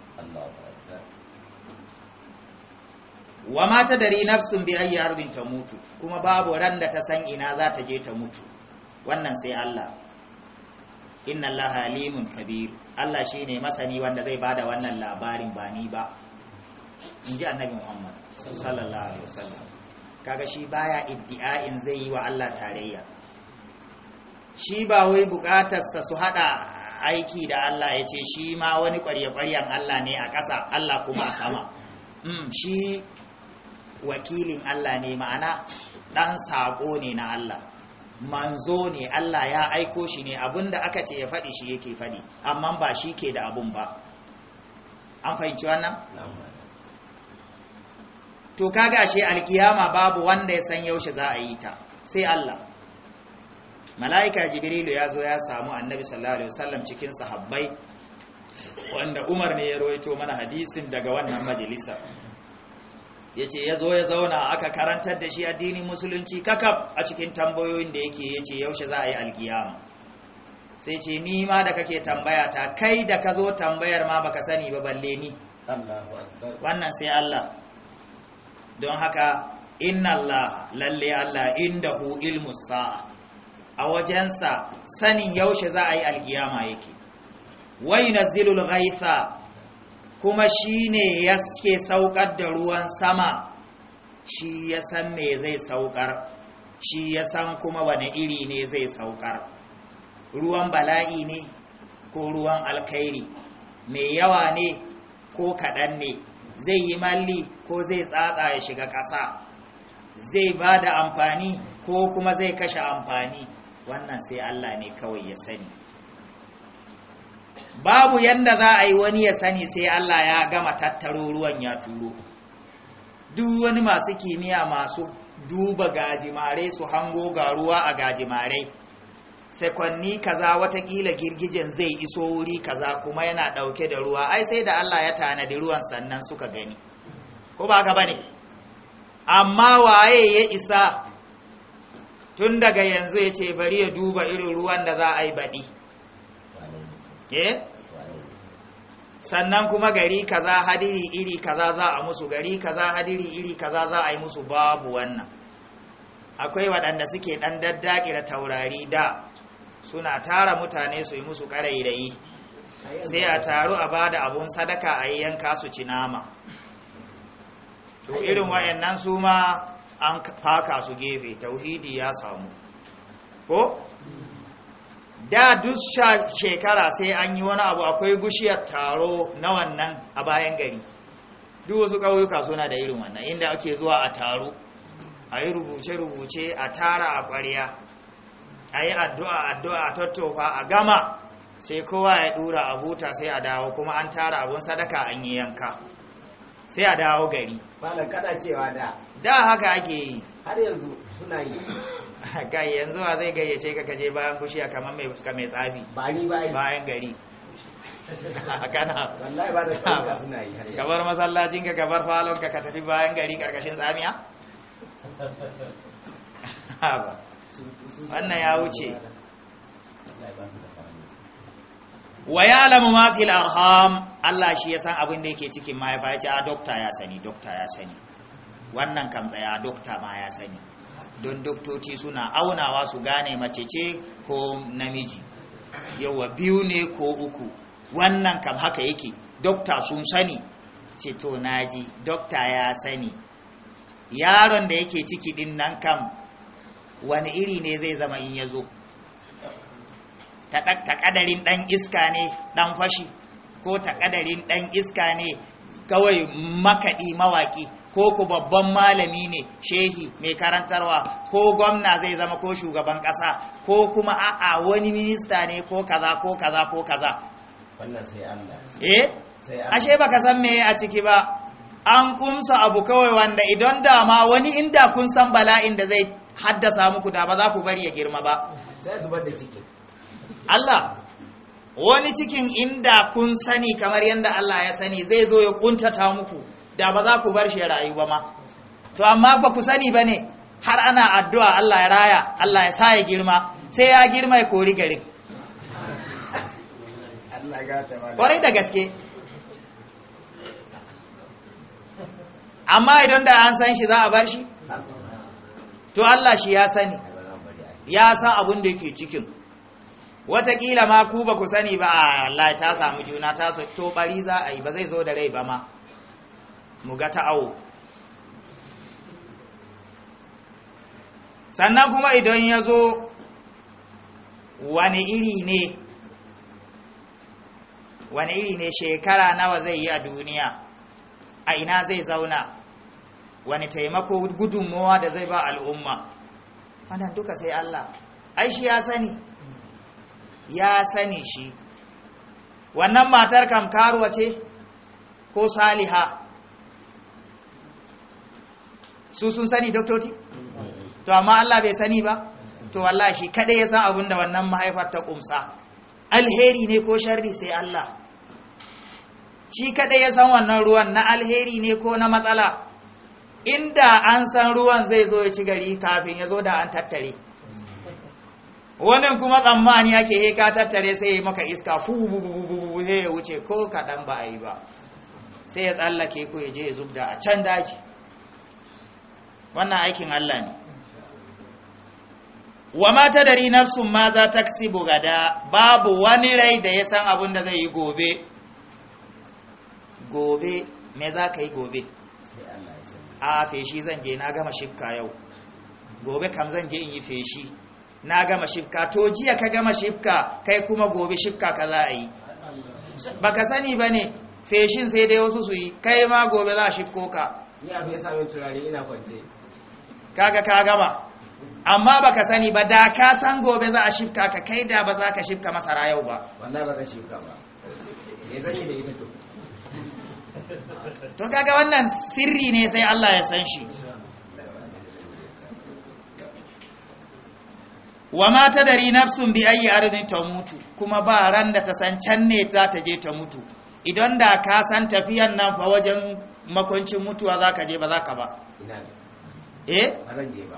wa mata dari nafsin bi ayyi ardin ta mutu kuma babu ran da ta san ina za ta je ta mutu wannan sai Allah inna allaha alimun kabir Allah shine masani wanda zai bada wannan labarin ba ni ba in ji annabi muhammad sallallahu alaihi wasallam kaga shi baya iddi'a'in zai yi wa Allah tarayya shi ba wai sa su hada aiki da Allah ya ce shi ma wani ƙwarya kwaryan Allah ne a ƙasa Allah kuma a sama hmm, shi wakilin Allah ne ma'ana ɗan saƙo ne na Allah manzo ne Allah ya aiko shi ne abinda aka ce ya faɗi shi yake faɗi amma ba shi ke da abun ba an fahimci wannan? to kaga ashe alkiyama babu wanda ya san yaushe za a yi ta sai Allah mala'ika jibrilu ya zo ya samu annabi sallallahu alaihi wasallam cikin sahabbai wanda Umar ne ya roito mana hadisin daga wannan majalisa yace ya zo ya zauna aka karantar da shi addinin musulunci kakab a cikin tambayoyin da yake yace yaushe za a yi alkiyama sai ce ni ma da kake tambaya ta kai da ka zo tambayar ma baka sani ba balle ni wannan sai Allah don haka inna Allah lalle Allah hu ilmu sa'a a wajensa sanin yaushe za a yi alkiyama yake na zilul ghaitha kuma shi ne ya yake saukar da ruwan sama shi ya san me zai saukar shi ya san kuma wani iri ne zai saukar ruwan bala'i ne ko ruwan alkhairi mai yawa ne ko kaɗan ne zai yi malli ko zai tsatsa ya shiga ƙasa zai ba da amfani ko kuma zai kashe amfani wannan sai Allah ne kawai ya sani babu yanda za a yi wani ya sani sai Allah ya gama tattaro ruwan ya turo duk wani masu kimiyya masu duba gajimare su hango ga ruwa a gajimare sekwanni kaza watakila girgijen zai iso wuri kaza kuma yana ɗauke da ruwa ai sai da Allah ya tanadi ruwan sannan suka gani ko ba ka bane amma waye ya isa tun daga yanzu ya ce bari ya duba irin ruwan da za a yi baɗi eh? sannan kuma gari kaza hadiri iri kaza za a musu gari kaza hadiri iri kaza za a yi musu babu wannan akwai waɗanda suke ɗan daddakira taurari da suna tara mutane su yi musu karairayi sai a taru a ba da abun sadaka a yi yanka su ci nama to irin wayannan su ma an faka su gefe tauhidi ya samu ko da duk shekara sai an yi wani abu akwai gushiyar taro na wannan a bayan gari duk wasu ƙauyuka suna da irin wannan inda ake zuwa a taro a yi rubuce-rubuce a tara a ƙwariya a yi addu'a addu'a a tattofa a gama sai kowa ya dura a buta sai a dawo kuma an tara abun sadaka an yi yanka sai a dawo gari malar kada cewa da da haka ake yi har yanzu suna yi kai yanzu wa zai gayyace ka kaje bayan a kamar mai mai tsafi bayan gari kabar masallacin ka kabar falon ka ka tafi bayan gari karkashin tsamiya wannan ya wuce wa ya'lamu ma fil arham Allah shi ya san abin da yake cikin mahaifa ya ce a dokta ya sani dokta ya sani wannan kan tsaya dokta ma ya sani don doktoci suna aunawa su gane mace ce ko namiji yawa biyu ne ko uku wannan kam haka yake dokta sun sani ce to naji dokta ya sani yaron da yake ciki din nan kam wani iri ne zai zama in ya zo ta kadarin dan iska ne dan fashi ko ta kadarin dan iska ne kawai makaɗi mawaƙi ko ku babban malami ne shehi mai karantarwa ko gwamna zai zama ko shugaban ƙasa ko kuma a'a wani minista ne ko kaza ko kaza ko kaza eh ashe baka san me a ciki ba an kumsa abu kawai wanda idan dama wani inda kun san bala'in da zai haddasa muku da ba za ku bari ya girma ba sai zubar da ciki Allah wani cikin inda kun sani kamar yadda Allah ya sani zai zo ya kuntata muku da ba za ku bar shi rayu ba ma to amma ba ku sani ba ne har ana addu'a Allah ya raya Allah ya sa ya girma sai ya girma ya kori garin kwarai da gaske amma idan da an san shi za a bar shi to Allah shi ya sani ya san abin da yake cikin Wataƙila ma ku ba ku sani ba Allah ta samu juna ta so to bari za a yi ba zai zo da rai ba ma mu ga ta'awo sannan kuma idan ya zo wani iri ne wani iri ne shekara nawa zai yi a duniya a ina zai zauna wani taimako gudunmowa da zai ba al'umma wannan duka sai Allah ai shi ya sani ya sani shi wannan matar kam karuwa ce ko saliha su sun sani doktoti to amma Allah bai sani ba to wallahi shi kadai ya san abin da wannan mahaifar ta kumsa alheri ne ko sharri sai Allah shi kadai ya san wannan ruwan na alheri ne ko na matsala inda an san ruwan zai zo ya ci gari kafin ya zo da an tattare wannan kuma tsammani yake he ka tattare sai ya maka iska fu bu bu bu bu, he ya wuce ko kaɗan ba a yi ba sai ya tsallake ko ya je ya zubda a can daji wannan aikin Allah ne wa ma ta dari nafsun ma za ta gada babu wani rai da ya san abin da zai yi gobe gobe me za ka yi gobe a feshi zan je na gama shifka yau gobe kam zan je in yi feshi na gama shifka to jiya ka gama shifka kai kuma gobe shifka ka za a yi ba ka sani ba ne feshin sai dai wasu su yi kai ma gobe za a shifko ka Ni ina kaga ka gama amma baka sani ba da ka san gobe za a shifka ka kai da ba za ka shifka masara yau ba Wannan ba ka shifka ba me zan yi da ita to to kaga wannan sirri ne sai Allah ya san shi wa ma tadari nafsun bi ayi ta mutu, kuma ba ran da ta san can ne za ta je ta mutu idan da ka san tafiyan nan fa wajen makoncin mutuwa za ka je ba za ka ba eh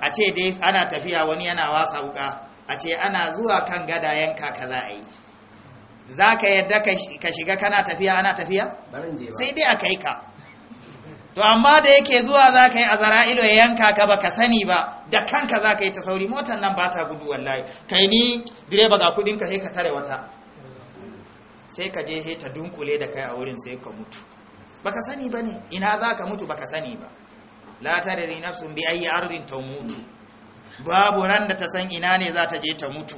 a ce dai ana tafiya wani yana wasa wuka a ce ana zuwa kan gada kaka za a yi za ka yadda ka shiga kana tafiya ana tafiya sai dai a kai ka to amma da yake zuwa za ka yi a ilo ya yanka ka ba ka sani ba da kanka za ka yi ta sauri motar nan ba ta gudu wallahi kai ni direba ga kudinka sai ka tare wata sai ka je sai ta dunkule da kai a wurin sai ka mutu Ba ka sani ba ne ina za ka mutu ba ka sani ba la tarari bi ayi arzin ta mutu babu ran da ta san ina ne za ta je ta mutu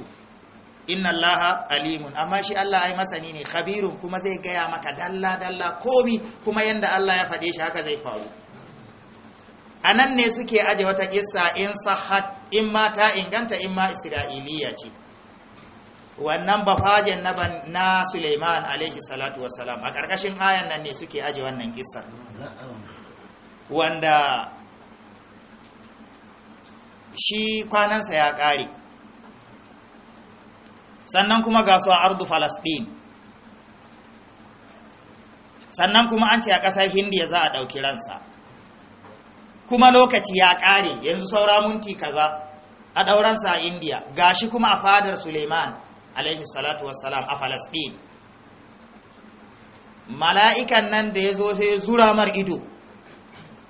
inna allaha alimun amma shi Allah ai masani ne khabirun kuma zai gaya maka dalla dalla komi kuma yanda Allah ya faɗe shi haka zai faru anan ne suke aje wata kissa in sahat in ma ta inganta in ma isra'iliya ce wannan bafajen na na Suleiman alaihi salatu wassalam a karkashin ayan nan ne suke aje wannan kissar wanda shi kwanansa ya ƙare. sannan kuma ga su a ardu falastin sannan kuma an ce a ƙasar hindiya za a ɗauki ransa kuma lokaci ya ƙare yanzu saura munti kaza a ɗauransa a indiya shi kuma a fadar suleiman alaihi wassalam a falastin mala'ikan nan da ya zo sai zura mar ido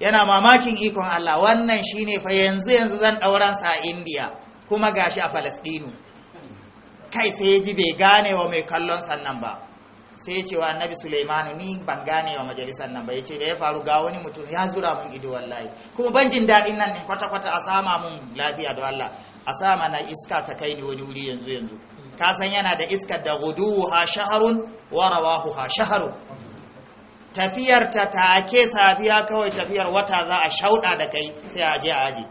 yana mamakin ikon allah wannan shine fa yanzu yanzu zan ɗauransa a indiya kuma ga shi a falastinu kai sai ya ji bai gane wa mai kallon sannan ba sai ya ce wa annabi Sulaimanu ni ban gane wa majalisar nan ba ya ce da ya faru ga wani mutum ya zura mun ido wallahi kuma ban jin daɗin nan ne kwata-kwata a sama mun lafiya da Allah a sama na iska ta kai ni wani wuri yanzu yanzu ka san yana da iskar da ha shaharun wa ha shaharun tafiyar ta take safiya kawai tafiyar wata za a shauɗa da kai sai a je a aji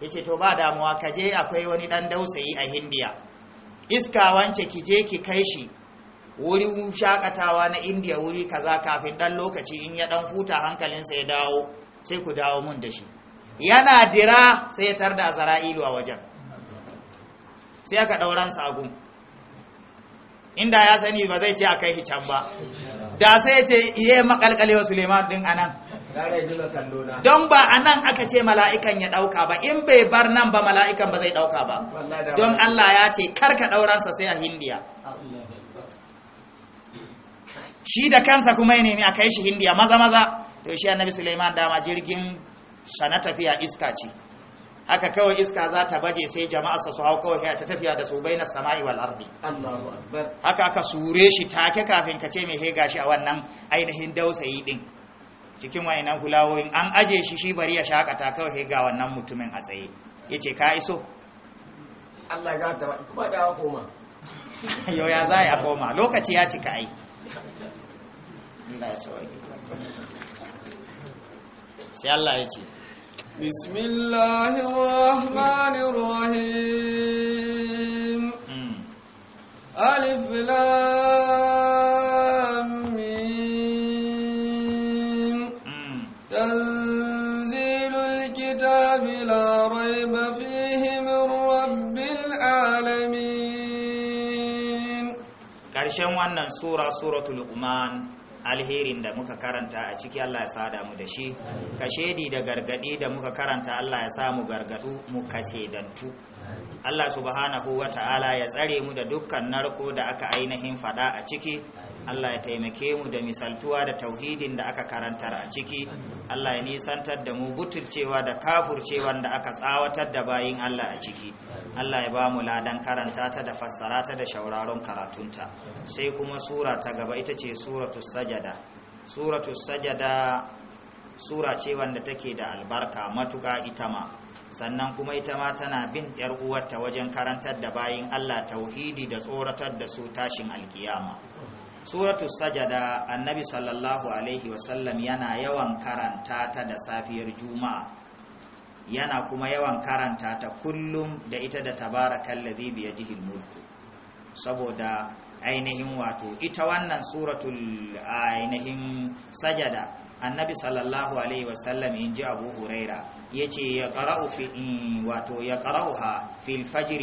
yace to ba damuwa ka je akwai wani ɗan dausayi a Hindiya iska wance ki je ki kai shi wurin shakatawa na indiya wuri kaza kafin dan lokaci in ya dan futa hankalinsa ya dawo sai ku dawo mun da shi yana dira sai ya tarda zara'ilu a wajen sai aka ɗauran sagun inda ya sani ba zai ce a kai hican ba da sai ya ce iya makalkalewa suleiman din anan don ba a nan aka ce mala'ikan ya ɗauka ba in bai bar nan ba mala'ikan ba zai ɗauka ba don Allah ya ce karka ɗauransa sai a hindiya shi da kansa kuma ya nemi a kai shi hindiya maza maza to shi annabi suleiman dama jirgin sa na tafiya iska ce haka kawai iska za ta baje sai jama'arsa su hau kawai ta tafiya da su bai na sama'i wal ardi haka aka sure shi take kafin ka ce mai hega shi a wannan ainihin dausayi din cikin wayannan hulawoyin an aje shi shi bari ya shakata kawai ga wannan mutumin a tsaye ce ka iso Allah ga ta ba da koma yau ya za ya koma lokaci ya cika ai ya sai Allah ya ce bismillahirrahmanirrahim hmm. alif lam ƙarshen wannan sura sura luqman alherin da muka karanta a ciki Allah ya sada mu da shi kashedi da gargadi da muka karanta Allah ya samu gargadu mu kasedantu Allah subhanahu wa ta'ala ya tsare mu da dukkan narko da aka ainihin fada a ciki Allah ya taimake mu da misaltuwa da tauhidin da aka karantar a ciki Allah ya nisantar da mu butulcewa da kafurcewa da aka tsawatar da bayin Allah a ciki Allah ya ba mu ladan karanta ta da fassara ta da shauraron karatunta sai kuma sura ta gaba ita ce suratu sajada suratul sajada sura ce wanda take da albarka matuƙa ita ma sannan kuma ita ma tana bin yar uwarta wajen karantar da bayin Allah tauhidi da tsoratar da su tashin alkiyama suratu sajada annabi sallallahu alaihi wasallam yana yawan karanta ta da safiyar juma'a yana kuma yawan karanta ta kullum da ita da tabarakan ladhi jihin mulku saboda ainihin wato ita wannan suratul ainihin sajada annabi sallallahu alaihi wasallam ji abu huraira ce ya qara'u fi wato ya ha fil fajr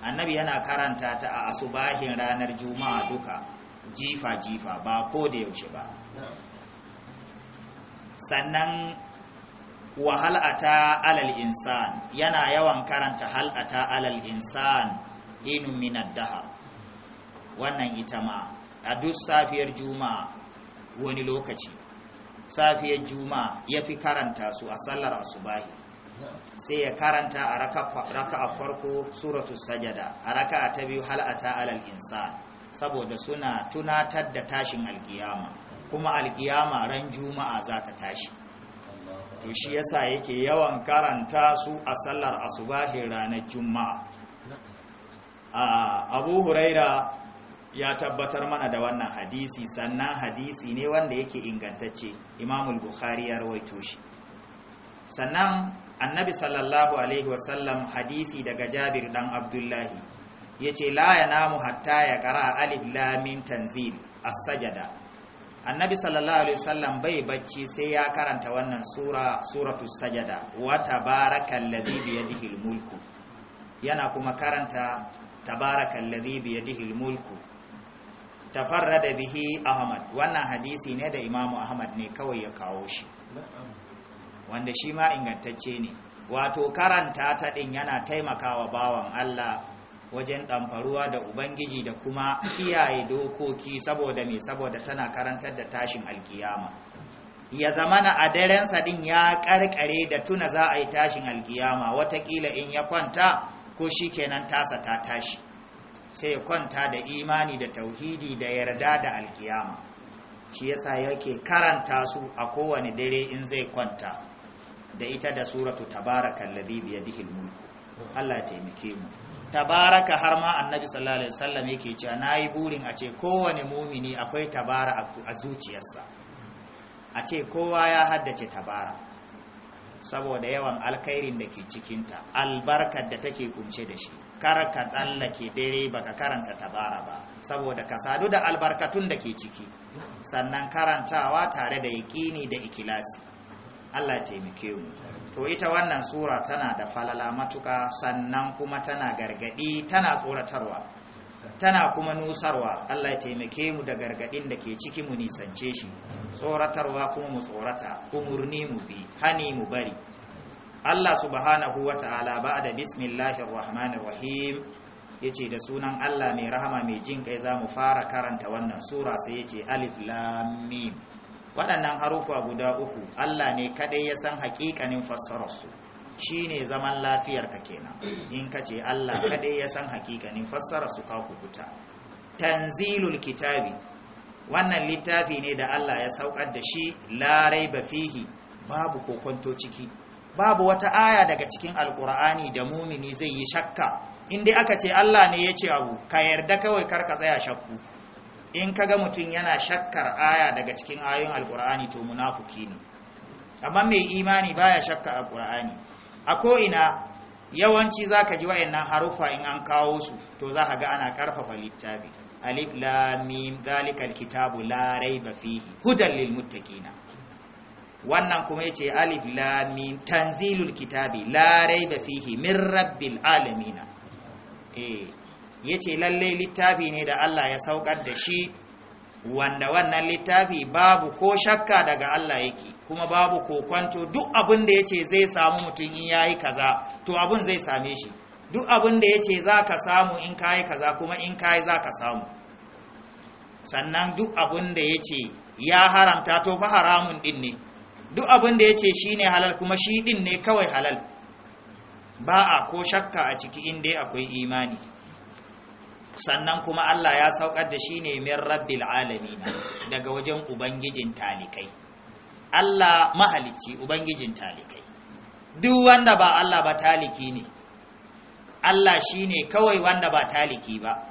annabi yana karanta ta a asubahin ranar juma'a duka jifa jifa ba ko da yaushe ba sannan wa hal'ata alal insan yana yawan karanta hal'ata alal insan inu minad dahar wannan ita ma a duk safiyar juma'a wani lokaci safiyar juma'a ya fi karanta su a sallar asubahi sai ya karanta a raka a farko suratu sajada a raka ta biyu hal'ata alal insan saboda suna tunatar da tashin alkiyama kuma alkiyama ran juma'a za ta tashi to shi yasa yake yawan karanta su a sallar asubahin ranar juma'a abu huraira ya tabbatar mana da wannan hadisi sannan hadisi ne wanda yake ingantacce imamul bukhari ya rawaito shi sannan annabi sallallahu alaihi wasallam hadisi daga jabir dan abdullahi yace ce la ya hatta ya kara alif lamin tanzil as-sajada annabi sallallahu alaihi wasallam bai bacci sai ya karanta wannan sura suratu sajada wa tabarakal ladhi bi yadihi mulku yana kuma karanta tabarakal ladhi bi yadihi mulku tafarrada bihi ahmad wannan hadisi ne da imamu ahmad ne kawai ya kawo shi wanda shi ma ingantacce ne wato karanta ta din yana taimakawa bawan Allah wajen ɗamfaruwa da ubangiji da kuma kiyaye dokoki saboda mai saboda tana karantar da tashin alkiyama ya zamana a daren sadin ya karkare da tuna za a yi tashin alkiyama watakila in ya kwanta ko shi kenan tasa ta tashi sai ya kwanta da imani da tauhidi da yarda da alkiyama shi yasa yake karanta su a kowane dare in zai kwanta da ita da suratu ta alladhi dihil mulku Allah ya taimake mu tabaraka har ma annabi sallallahu alaihi wasallam yake cewa nayi burin a ce kowane mumini akwai tabara a zuciyarsa a ce kowa ya haddace tabara saboda yawan alkhairin da ke cikin ta albarkar da take kunce da shi kar ka tsallake dare baka karanta tabara ba saboda ka sadu da albarkatun da ke ciki sannan karantawa tare da yaƙini da ikilasi Allah ya taimake mu to ita wannan sura tana da falala matuka sannan kuma tana gargadi tana tsoratarwa tana kuma nusarwa Allah ya taimake mu da gargadin da ke ciki mu nisance shi tsoratarwa kuma mu tsorata umurni mu bi hani mu bari Allah subhanahu wa ta'ala ba da bismillahir rahmanir rahim yace da sunan Allah mai rahama mai jin kai za mu fara karanta wannan sura sai yace alif lam mim waɗannan harufa guda uku Allah ne kaɗai ya san haƙiƙanin fassararsu shi ne zaman lafiyarka kenan in ka ce Allah kaɗai ya san haƙiƙanin fassararsu ka kubuta tanzilul kitabi wannan littafi ne da Allah ya saukar da shi larai ba fihi babu kokonto ciki babu wata aya daga cikin Alƙur'ani da mumini zai yi shakka in dai aka ce Allah ne ya ce abu ka yarda kawai karka tsaya shakku in kaga mutum yana shakkar aya daga cikin ayoyin alkur'ani to munafuki ne amma mai imani baya shakka alkur'ani a ina yawanci zaka ka ji wayannan harufa in an kawo su to za ka ga ana karfafa littafi alif mim zalikal kitabu la raiba fihi hudan lil muttaqina wannan kuma yace alif mim tanzilul kitabi la raiba fihi min rabbil alamin eh ya ce lalle littafi ne da Allah ya saukar da shi wanda wannan littafi babu ko shakka daga Allah yake kuma babu kokwanto duk abin da ya ce zai samu mutum in ya yi kaza to abin zai same shi duk abin da ya ce za ka samu in ka yi kaza kuma in ka yi za ka samu sannan duk abin da ya ce ya haramta to fa haramun din ne duk abin da ya ce shi ne halal kuma shi din ne kawai halal ba a ko shakka a ciki in dai akwai imani sannan kuma Allah ya saukar da shi ne min rabbil alamin daga wajen ubangijin talikai Allah mahalicci ubangijin talikai duk wanda ba Allah ba taliki ne Allah shine kawai wanda ba taliki ba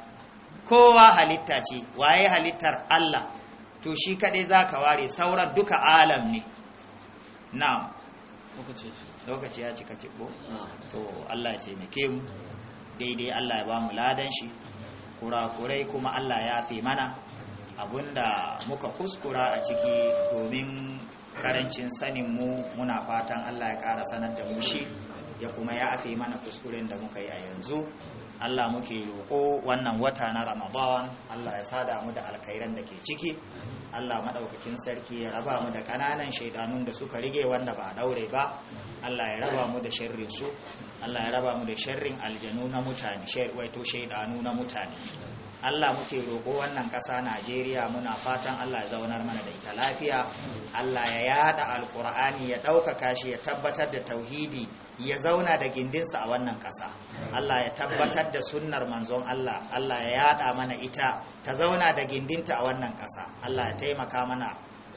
kowa halitta ce waye halittar Allah to shi kadai zaka ware sauran duka alam ne na'am lokaci ya cika cibbo? to Allah ya taimake mu daidai Allah ya ba mu ladan shi kurakurai kuma Allah ya fi mana abinda muka kuskura a ciki domin karancin sanin mu muna fatan Allah ya kara sanar da mu ya kuma ya fi mana kuskuren da muka yi a yanzu Allah muke roƙo wannan wata na Ramadan Allah ya sada mu da alkhairan da ke ciki Allah madaukakin sarki ya raba mu da kananan shaidanun da suka rige wanda ba a daure ba Allah ya raba mu da sharrin su Allah ya raba mu da sharrin aljanu na mutane shar waito shaidanu na mutane Allah muke roƙo wannan ƙasa Najeriya muna fatan Allah ya zaunar mana da ita lafiya Allah ya yada alƙur'ani ya ɗaukaka shi ya tabbatar da tauhidi ya zauna da gindinsa a wannan ƙasa Allah ya tabbatar da sunnar manzon Allah Allah ya yada mana ita ta zauna da gindinta a wannan ƙasa Allah ya taimaka mana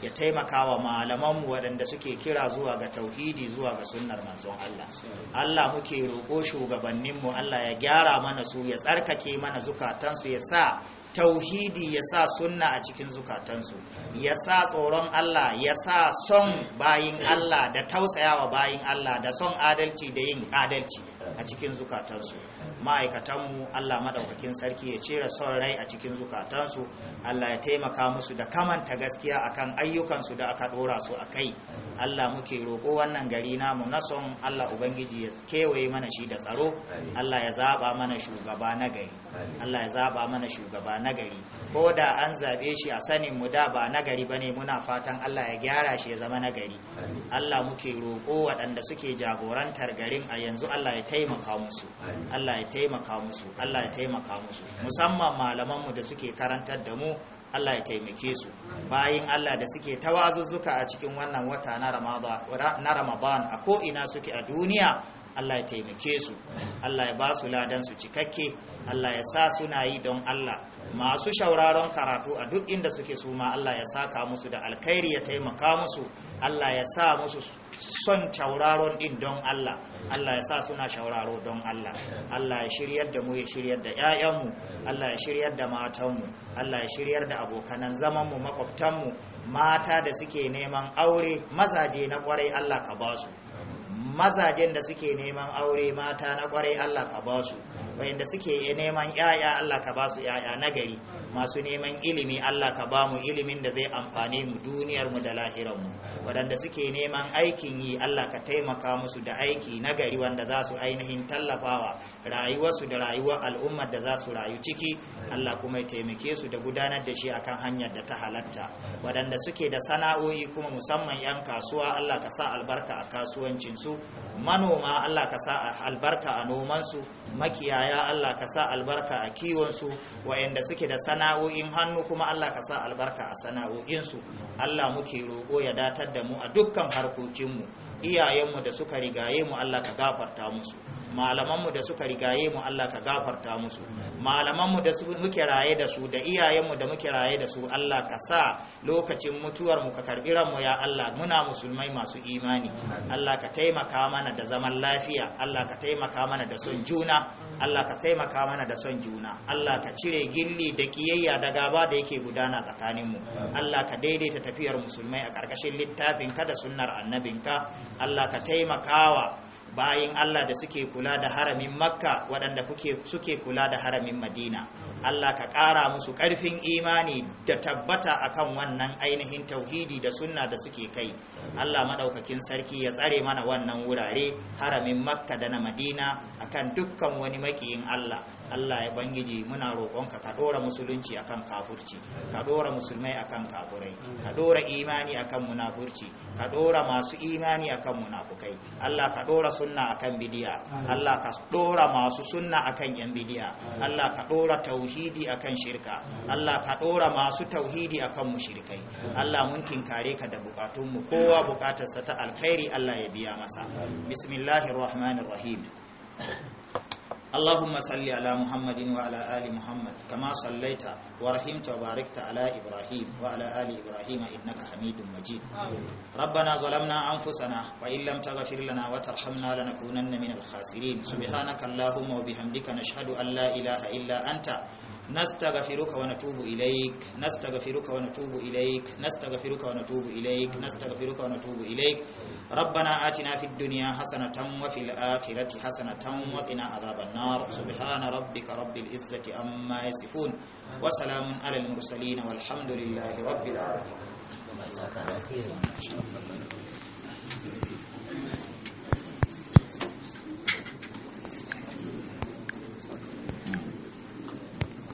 ya taimaka wa malamanmu waɗanda suke kira zuwa ga tauhidi zuwa ga sunnar manzon Allah Allah muke roƙo shugabanninmu Allah ya gyara mana su ya tsarkake mana zukatansu ya sa tauhidi ya sa sunna a cikin zukatansu ya sa tsoron Allah ya sa son bayin Allah da tausayawa bayin Allah da son adalci da yin adalci a cikin zukatansu ma'aikatanmu Allah madaukakin sarki ya cire son rai a cikin zukatansu Allah ya taimaka musu da kamanta gaskiya akan ayyukansu da aka ɗora su a kai Allah muke roƙo wannan gari namu na son Allah ubangiji ya kewaye mana shi da tsaro Allah ya zaba mana shugaba na gari Allah ya zaba mana shugaba na gari ko da an zabe shi a sanin mu da ba na gari bane muna fatan Allah ya gyara shi ya zama na gari Allah muke roƙo waɗanda suke jagorantar garin a yanzu Allah ya taimaka musu Allah ya taimaka musu Allah ya taimaka musu musamman malamanmu da suke karantar da mu Allah ya taimake su bayin Allah da suke tawazuzzuka a cikin wannan wata na Ramadan a ko'ina suke a duniya Allah ya taimake su Allah ya ba su ladan su cikakke Allah ya sa suna yi don Allah masu shauraron karatu a duk inda suke suma Allah ya saka musu da alkhairi ya taimaka musu Allah ya sa musu son shauraron din don Allah Allah ya sa suna shauraro don Allah Allah ya shiryar da mu ya shiryar da 'ya'yanmu Allah ya shiryar da matanmu Allah ya shiryar da abokanan zamanmu makwabtanmu mata da suke neman aure mazaje na kwarai Allah ka ba su mazajen da suke neman aure mata na kwarai Allah ka ba su wayanda suke neman yaya Allah ka ba su na gari. masu neman ilimi Allah ka ba mu ilimin da zai amfane mu duniyar mu da lahirar mu waɗanda suke neman aikin yi Allah ka taimaka musu da aiki na gari wanda za su ainihin tallafawa rayuwarsu da rayuwar al'ummar da za su rayu ciki Allah kuma ya taimake su da gudanar da shi akan hanyar da ta halatta waɗanda suke da sana'o'i kuma musamman 'yan kasuwa Allah ka sa albarka a kasuwancinsu manoma Allah ka sa albarka a nomansu makiyaya Allah ka sa albarka a kiwonsu waɗanda suke da sana sana'o'in hannu kuma Allah ka sa albarka a sana'o'insu Allah muke roƙo ya datar da mu a dukkan harkokinmu iyayenmu da suka rigaye mu Allah ka gafarta musu malamanmu da suka rigaye mu Allah ka gafarta musu malamanmu da su muke raye da su da iyayenmu da muke raye da su Allah ka sa lokacin mutuwar mu ka karbi ranmu ya Allah muna musulmai masu imani Allah ka taimaka mana da zaman lafiya Allah ka taimaka mana da son juna Allah ka taimaka mana da son juna Allah ka cire gilli da kiyayya da gaba da yake gudana tsakanin mu Allah ka daidaita tafiyar musulmai a ƙarƙashin littafin ka da sunnar annabinka Allah ka taimakawa bayin Allah da suke kula da haramin makka waɗanda suke kula da haramin madina Allah ka ƙara musu ƙarfin imani da tabbata akan wannan ainihin tauhidi da sunna da suke kai Allah maɗaukakin sarki ya tsare mana wannan wurare haramin makka da na madina akan dukkan wani maƙiyin Allah Allah ya bangiji muna roƙonka ka ɗora musulunci akan kafurci ka ɗora musulmai akan kafurai ka ɗora imani akan munafurci ka ɗora masu imani akan munafukai Allah ka ɗora sunna akan bidiya Allah ka ɗora masu sunna akan yan bidiya Allah ka ɗora tauhidi akan shirka Allah ka ɗora masu tauhidi akan mushrikai Allah mun tinkare ka da bukatun mu kowa bukatarsa ta alkhairi Allah ya biya masa bismillahir rahmanir rahim اللهم صل على محمد وعلى آل محمد كما صليت ورحمت وباركت على إبراهيم وعلى آل إبراهيم إنك حميد مجيد آمين. ربنا ظلمنا أنفسنا وإن لم تغفر لنا وترحمنا لنكونن من الخاسرين سبحانك اللهم وبحمدك نشهد أن لا إله إلا أنت nastaghfiruka wa natubu ilaik nastaghfiruka wa natubu ilaik nastaghfiruka wa natubu ilaik nastaghfiruka wa natubu ilaik rabbana atina fid dunya hasanatan wa fil akhirati hasanatan wa qina adhaban nar subhana rabbika rabbil izzati amma sifun wa salamun alal mursalin walhamdulillahi rabbil alamin